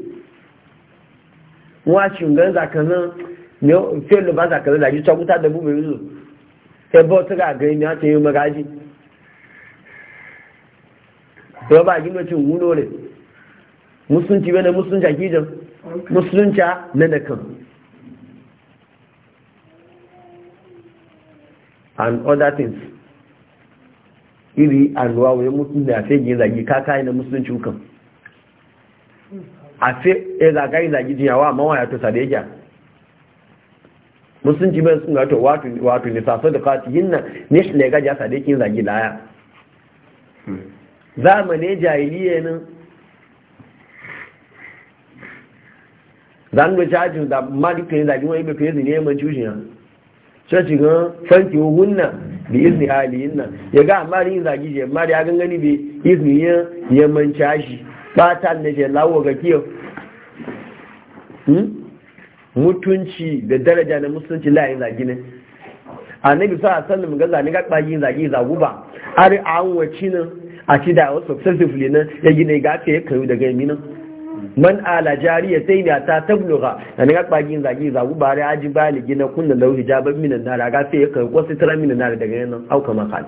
A: wọn ṣungan zakanan ne felo ba zakanan da ji cakuta da bube yuzu ebe otu ga gani na ta yi magaji yau e ba gina cin wuno ne musulunci bane musulunci a gidan musulunci a nanakan and other things iri alwa wani mutum da fe eh, yi zagi kaka na musulunci hukan a fe ya zaga yi zagi wa mawa ya to da ya musulunci bai sun gato wato ne sasa da kwati yin na ne shi ne da yake kin zagi laya zamane jahiliya nan zan da cajin da malikin zagi wani bai fiye zini ya manci shi sai gan fanki hunna bi izni alihinna ya ga amma rin zagi je amma ya gangani bi izni ya ya manca shi ba ta ne je lawo ga kiyo hmm? mutunci da daraja na musulunci yin zagi ne annabi sa sallam ga zani ga yin zagi zagu ba ari an wacinin a ci da wasu successfully nan ya gina ga ka ya kayu daga yami nan man ala jariya sai da ta tabluga an ga bagin zagi zagu bare aji baligi na kunna lau hijaban minan nara ga sai ya kai wasu tara minan nara daga nan auka makal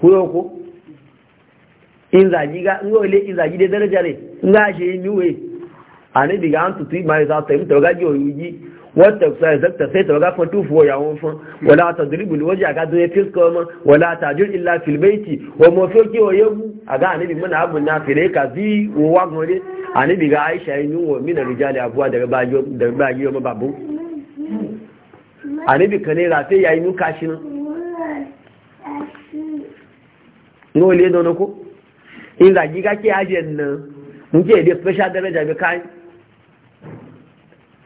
A: kuyo ko in zagi ga in gole in zagi da daraja ne in ga shi ni we anabi ga an tutu mai za ta yi to ga yi wata sai zakta sai ta gafa tufuwa ya wani fun wala tadribu alwaji aga dole fiska ma wala tajur illa fil baiti wa mafiki wa yabu ga anabi mun abu na fire ka zi wa wagore Anibi ga Aisha yin wa min rijali abuwa daga bayo daga bayo ma babu anabi kane rafe yayi nuka shi ní olè dánakó ìlàjí gákí ajẹ́ nà ń jẹ́ èdè special daraja bí káyìí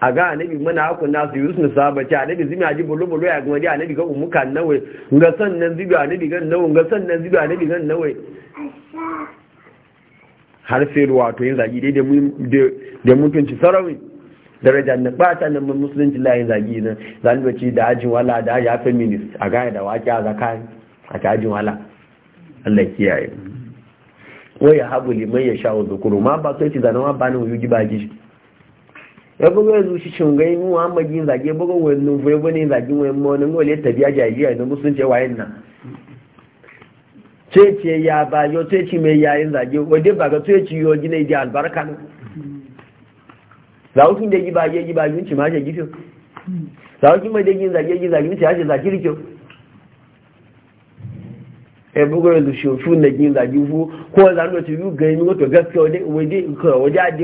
A: a ga anabi mana hakun nasu yusuf sabaci sabace anabi zimi aji bulu bulu ya gumadi anabi ga umuka nawai ga sannan zibi anabi gan nawai ga sannan zibi anabi gan nawai har sai ruwa to yin zagi dai da mutunci sarawi darajar na bata na musulunci musulunci layin zagi na, zan da ajin wala da ya feminist a gaya da waki a zakai a ta ajin wala Allah kiyaye waya habu liman ya wa zukuru ma ba sai ci zanawa ba ni wuyu ba gishi ya buga zuci gai mu Muhammad yin zage buga wani fa yabo ne zage mu yamma wannan gole tabiya jahiliya ne musun ce wayen nan ce ya ba yo cece mai yayin zage wadda ba ga ce cece yo gine ji albarka ne zawo kin da giba ge giba yun ci ma shi gifin zawo kin mai da yi zage yi zage ni ta je zage rikyo ebugo yanzu shofu na gin zagi fu ko za mu ci yu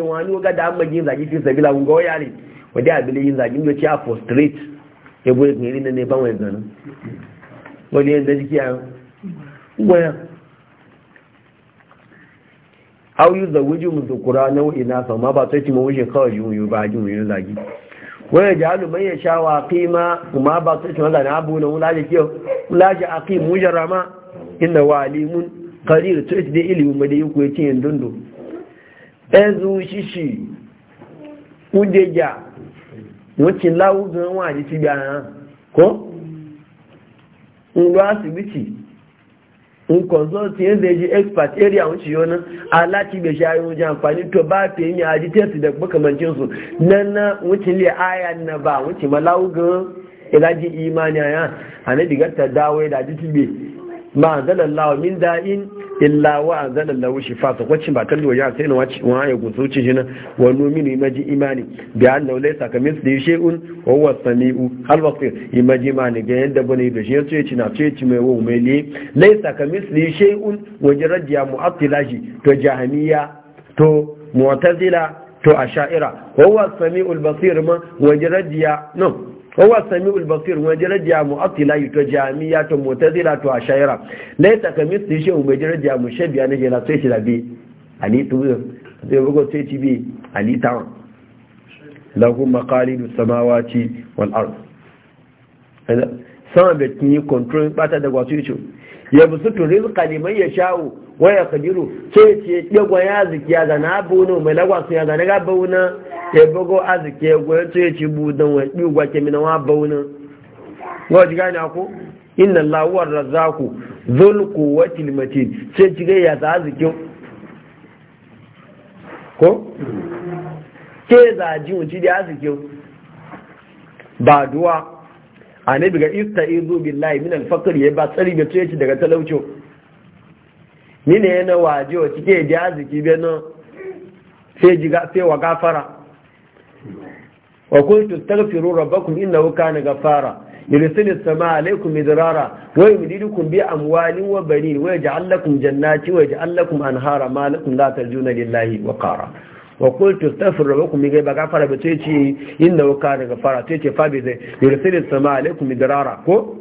A: wani ga da amma gin zagi fi sabila mun ga abili yin zagi mu ci a frustrate ebo ne ni ne ban wai wani yanzu jiki a waya aw yu da wuji mu na wai na sama ba sai ci mu kawai mu yu ba ji mu yu ya shawa qima kuma ba inna wa alimun qarir to ita da ilimin ma da yiko yace yin dundu ezu shishi udeja wuce lawu gan wa ji ti ga ko n lo asibiti n consult yin da ji expert area wuce yana alati bai sha yi jan amfani to ba ta yi aji test da makamancin su nan na wuce le aya na ba wuce ma gan ilaji imani a yan a na digar digata dawo da ji tibe ma zalallawa min da'in illa wa zalallawa shifa ta kwacin ba kalli wajen sai na wani ya gusa wuce shi na wani mini imaji imani bi an da wulai sakamin da yashe un wawa sami'u halwafi imaji imani ga yadda bane da shi ya ci na ce ci mai wau mai ne lai sakamin da yi un wajen rajiya mu'attila shi to jahaniya to mu'tazila to asha'ira wawa sami'ul basir ma wajen rajiya no wa sami ulbasir wani jiradiya mu atila yi to jami'a to mutazila to ashaira laita kamis su shi umar jiradiya mu shabiya na jela sai shi da bi ali tuzo zai bugo sai ci bi ali tawon lahu maqalidu samawati wal ard sama bai kin yi control bata da gwasu yace ya busutu rizqa ya yasha'u waya kajiru ce ce ɗagwa ya ziki ya zana abu wani mai lagwa sun ya zana gaba wani ya bago aziki ya goya ce ce budan don wani ɗugwa ke mina wa ba wani ga ji gani ako inna lawar razaku zulku wa tilmatin ce ci gai ya za ziki ko ke za ji wuci da ziki ba duwa a ne biga ista izu billahi min alfakar ya ba tsari ga ce daga talaucin nínú ẹ̀nà wà jí ò tí kéèdè na ibẹ̀ náà fẹ́ wà gáfara ọkùn tó tẹ́lẹ̀fẹ̀rọ rọ̀bọ́kùn iná wuka na gáfara yìrìsílì sama alaikun midirara wọ́n yìí dìdìkun bí amwalin wa bari wọ́n jẹ́ allakun jannati wọ́n jẹ́ allakun anhara malakun latar juna lillahi wa kara wakul to stafir da baku migai ba gafara ba ce ce inda wuka na gafara ce ce fabi zai yìrìsílì sama alaikun midirara ko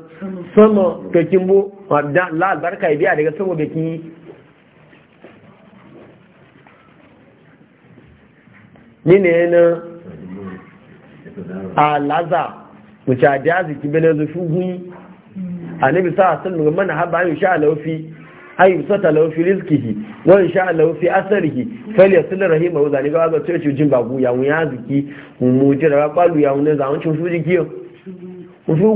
A: sama to kin bo la albarka ya biya daga saboda kin yi ni ne na alaza wuce a jazi ki bane zufi gun annabi sa sun daga mana haba yin sha laufi ayi sata laufi rizkihi wa in sha laufi asarihi fali yasil rahima wa zalika wa zato ci jin babu ya mu yaziki mu mu jira ba kwalu ya mu ne zamu cin su jikiyo ku su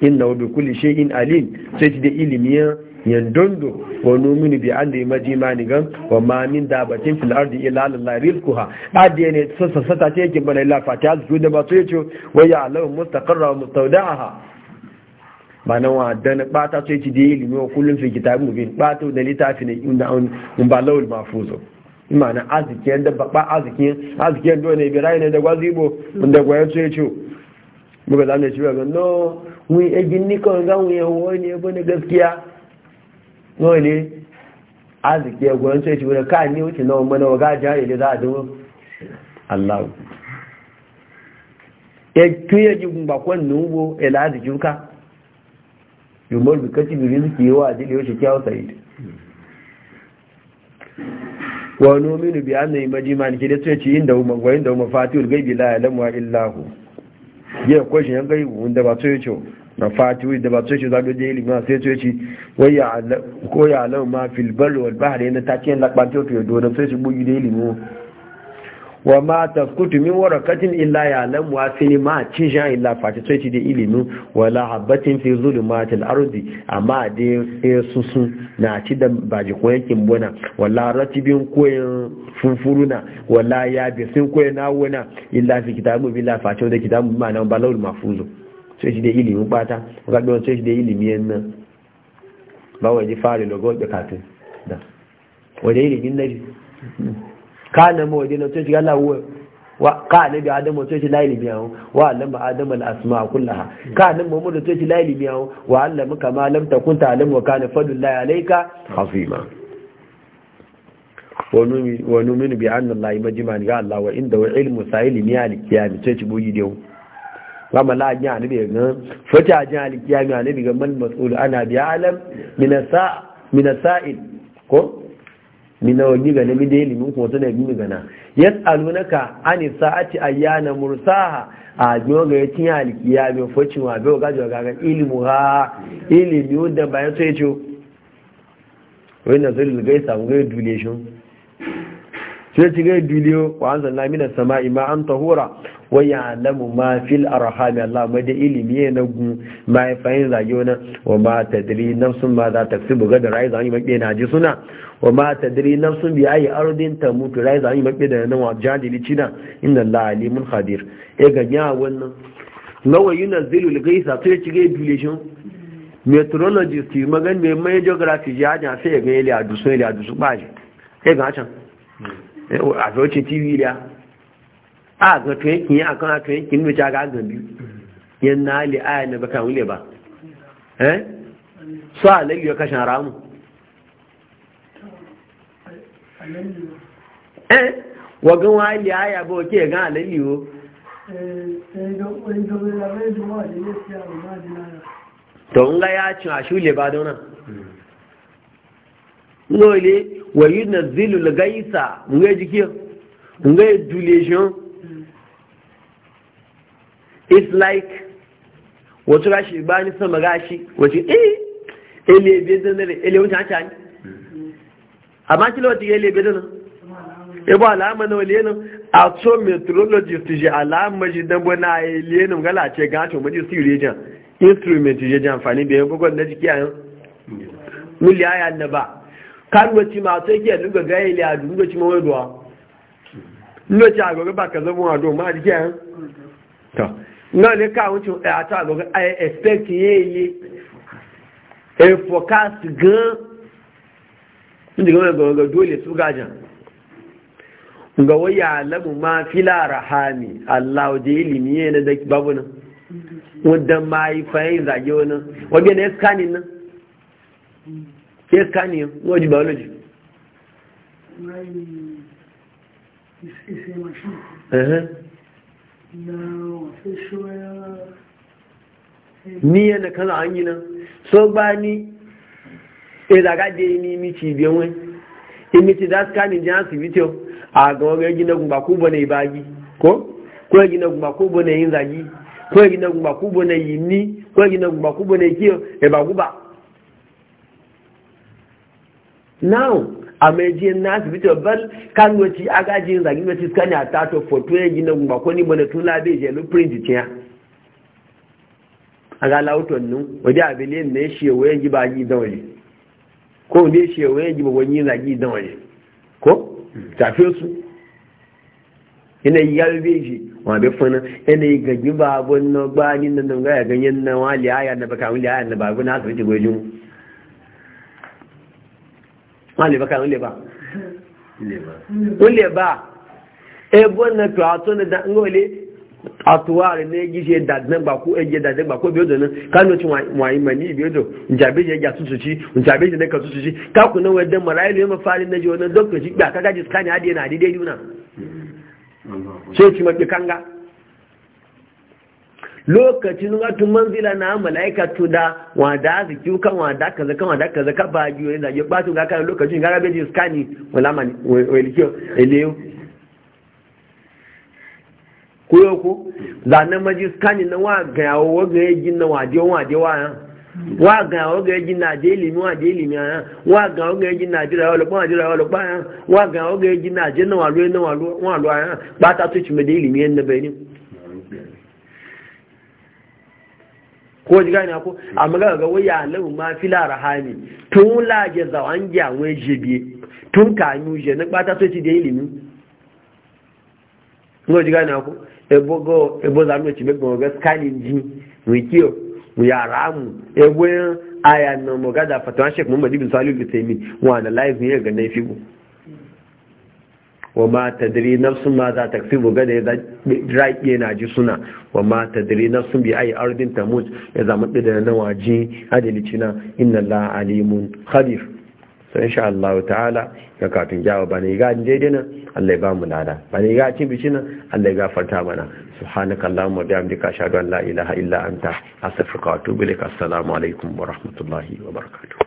A: inna wa bi kulli shay'in alim sai ti da ilimiyan yandondo wa numinu bi an da majimani gan wa ma min dabatin fil ardi illa lillahi rizquha adiye ne sassa sata ce yake bana ila fatiha su da ba su yace wa ya alahu mustaqarra wa mustawda'aha bana wa dan bata sai ci da ilimi wa kullun fi kitabin mubin bata da litafi ne inda in ba lawul mahfuzo imana azikin da ba azikin azikin dole ne bi rai ne da gwazibo da gwayan sai ce muka zame shi ga no mu egin ni kawai ga mu yawo ne ba na gaskiya dole azikiya ya gwanin sai shi ka ni wuce na wani waga jari za a zama Allah ya e e tuye ji bakon nubo ila e arziki ka yumar bukaci bi riziki yawa a jili yaushe kyawun sa'id wa nominu bi annayi majima ne ke da tuye ci inda umar gwayin da umar fatihul gaibi la ya lamuwa illahu ji kwashe yan gaibu wanda ba tuye na fatiwi da ba su shi zaɗo je ilimin sai su shi ko ya alam ma filbar wal bahar yana ta ce lakban teku ya dole sai shi bugi da ilimi. wa ma taskutu min warakatin illa ya alam wa sai ma cin shan illa fati sai shi da ilimin wala habbatin fi zulumatil ardi amma da ya susu na ci da baji ko yankin bona wala ratibin koyin funfuruna wala yabisin koyin nawuna illa fi kitabu billah fati da kitabu ma nan balawul mahfuzun sai shi da ilimin bata gaɗe wani sai shi ilimi yan ba waje fari da gobe da waje ilimin na ka na ma waje na sai shi gala wa ka na bi adam sai shi la ilimi yawon, wa allama adam al asma kullaha ka na muhammad sai shi la ilimi yawon, wa alama kama alamta takun ta'lam wa kana fadlullahi alayka azima wani mini bi annan layi ni ga Allah wa inda wa ilmu sa ilimi ya alkiyami sai ci bugi da yau ramala la ne alibi ya gan fata jiya alikiya mai alibi ga man matsulu ana biya alam minasa'il ko mina wani gani mi da mun kuma tana bi gana ya ka ani sa'ati ayyana mursaha a biyo ga yatin alikiya mai A wa ga jiya ga ilimu ha ilimi wadda bayan sai e ce wani na zai lulgai samu gai dule shi sai ci gai dule wa an zanna mina sama'i ma an tahura wa ya'lamu ma fil arham Allah ma da ilimi na gun mai fayin zayo na wa ma tadri nafsun ma za ta kasibu ga da rai zani mabe na ji suna wa ma tadri nafsun bi ayi ardin ta mutu rai yi mabe da nan wa jadili cina inna Allah alimun khadir e ga nya wannan lawa yunzilu al-ghaisa to ya ci ga dulishin meteorologist magan mai mai geography ji hajjan sai ga ile a dusu ili a dusu ba ji sai e ga can e, a zoce tv iliya a ga to yankin a kan to yankin mu ta ga ga biyu yan na li aya ne baka wule ba eh so alalli ya kashin ramu eh wagan wa li aya ba ke ga alalli o. to nga ya cin a shule ba dauna lole wa na zilu gaisa ngai jikiyo ngai dulation it's like wato gashi ba ni sama gashi wato eh ele be zan ne ele wuce hanta ne amma kila wato ele be zan e ba alama na wale nan a to metrologist ji alama ji dan bana ele nan gala ce ga to mudi su region instrument ji amfani da yango gwan da jiki a yan muliya ya annaba kan wace ma to yake duga ga ele a duga ci mawai duwa nlo ci agogo ba ka zama wa do ma jiki a yan to náà ní káwọn tí ẹ àtọ àgbọ̀gbẹ́ ẹ expect yẹn yé ẹ forecast gan nítorí wọn lè tún gàjà ga waya alamu ma fila rahami Allah je ilimi ne na daki babu nan wadda ma yi fayin zage na ni yana kan an yi nan so ba ni izaga e da yi ni miki biyan wai e imiti da su kanin jihar su bito a gawa yagi na gumba ko bane ba gi ko ko ya gina gumba ko bane yin zagi ko ya gina gumba ko bane yi ni ko ya gina gumba ko bane kiyo ya ba guba now a mejiyar na asibitin bal kan wace agajin zagin wace skani a tato foto ya gina gumba ko ni mana tula bai je lu print ce ya a ga lauton nun waje a biliyan na ya shewa ya giba gi dan waje ko ne shewa ya ba wani zagi dan waje ko tafi su ina yi yalu bai wa bai fana ina yi ba abun na gbani na nan ga ya ganyen na wali aya na baka wali aya na babu na asibitin gwajin mu wọ́n lè bá káyọ̀ ń lè bá ń lè bá ebo na to ato na ngole atuwari ne gije dadnagba ko eje dadnagba ko biodo na kanu ti wa ka biodo njabe je ja tutuci njabe je ne ka tutuci ka ku na wede marayi le mafari na jona doctor ji gba kaga ji scan adi na adi dai duna so ti ma kanga lokacin watan manzila na mala'ika to da wada ziki kan wada kaza kan wada kaza ka ba giyo da ya batu ga kan lokacin gara beji skani wala man welkiyo eleyo kuyo ko zanan maji skani na wa ga yawo wa ga yajin na waje waje wa wa ga yawo ga yajin na je limi wa je ya. wa ga yawo ga yajin na jira wala kwa jira wala ya wa ga yawo ga yajin na je na walo na walo wa lo ba ta tuci me de limi en na bayni ko ji gane ko amma ga ga waya ma fila rahani tun la je zawan ja we tun ka nyu je na bata so ti de ilimi ko ji gane ko ebo go ebo za no ti be go ga skali ya ramu ebo aya no mo ga da shek muhammad ibn salih wa ma tadri nafsun ma za ta kasibu gada ya raƙe na ji suna wa ma tadri nafsun bi ayi ardin mut ya zama da na waje adalici na inna la alimun khabir sai insha Allah ta'ala ga katun gyara ba ne ga daidai nan Allah ya ba mu lada ba ne ga cin bici nan Allah ya gafarta mana subhanaka allahumma bihamdika
B: ashhadu an la ilaha illa anta astaghfiruka wa atubu ilaik assalamu alaikum wa rahmatullahi wa barakatuh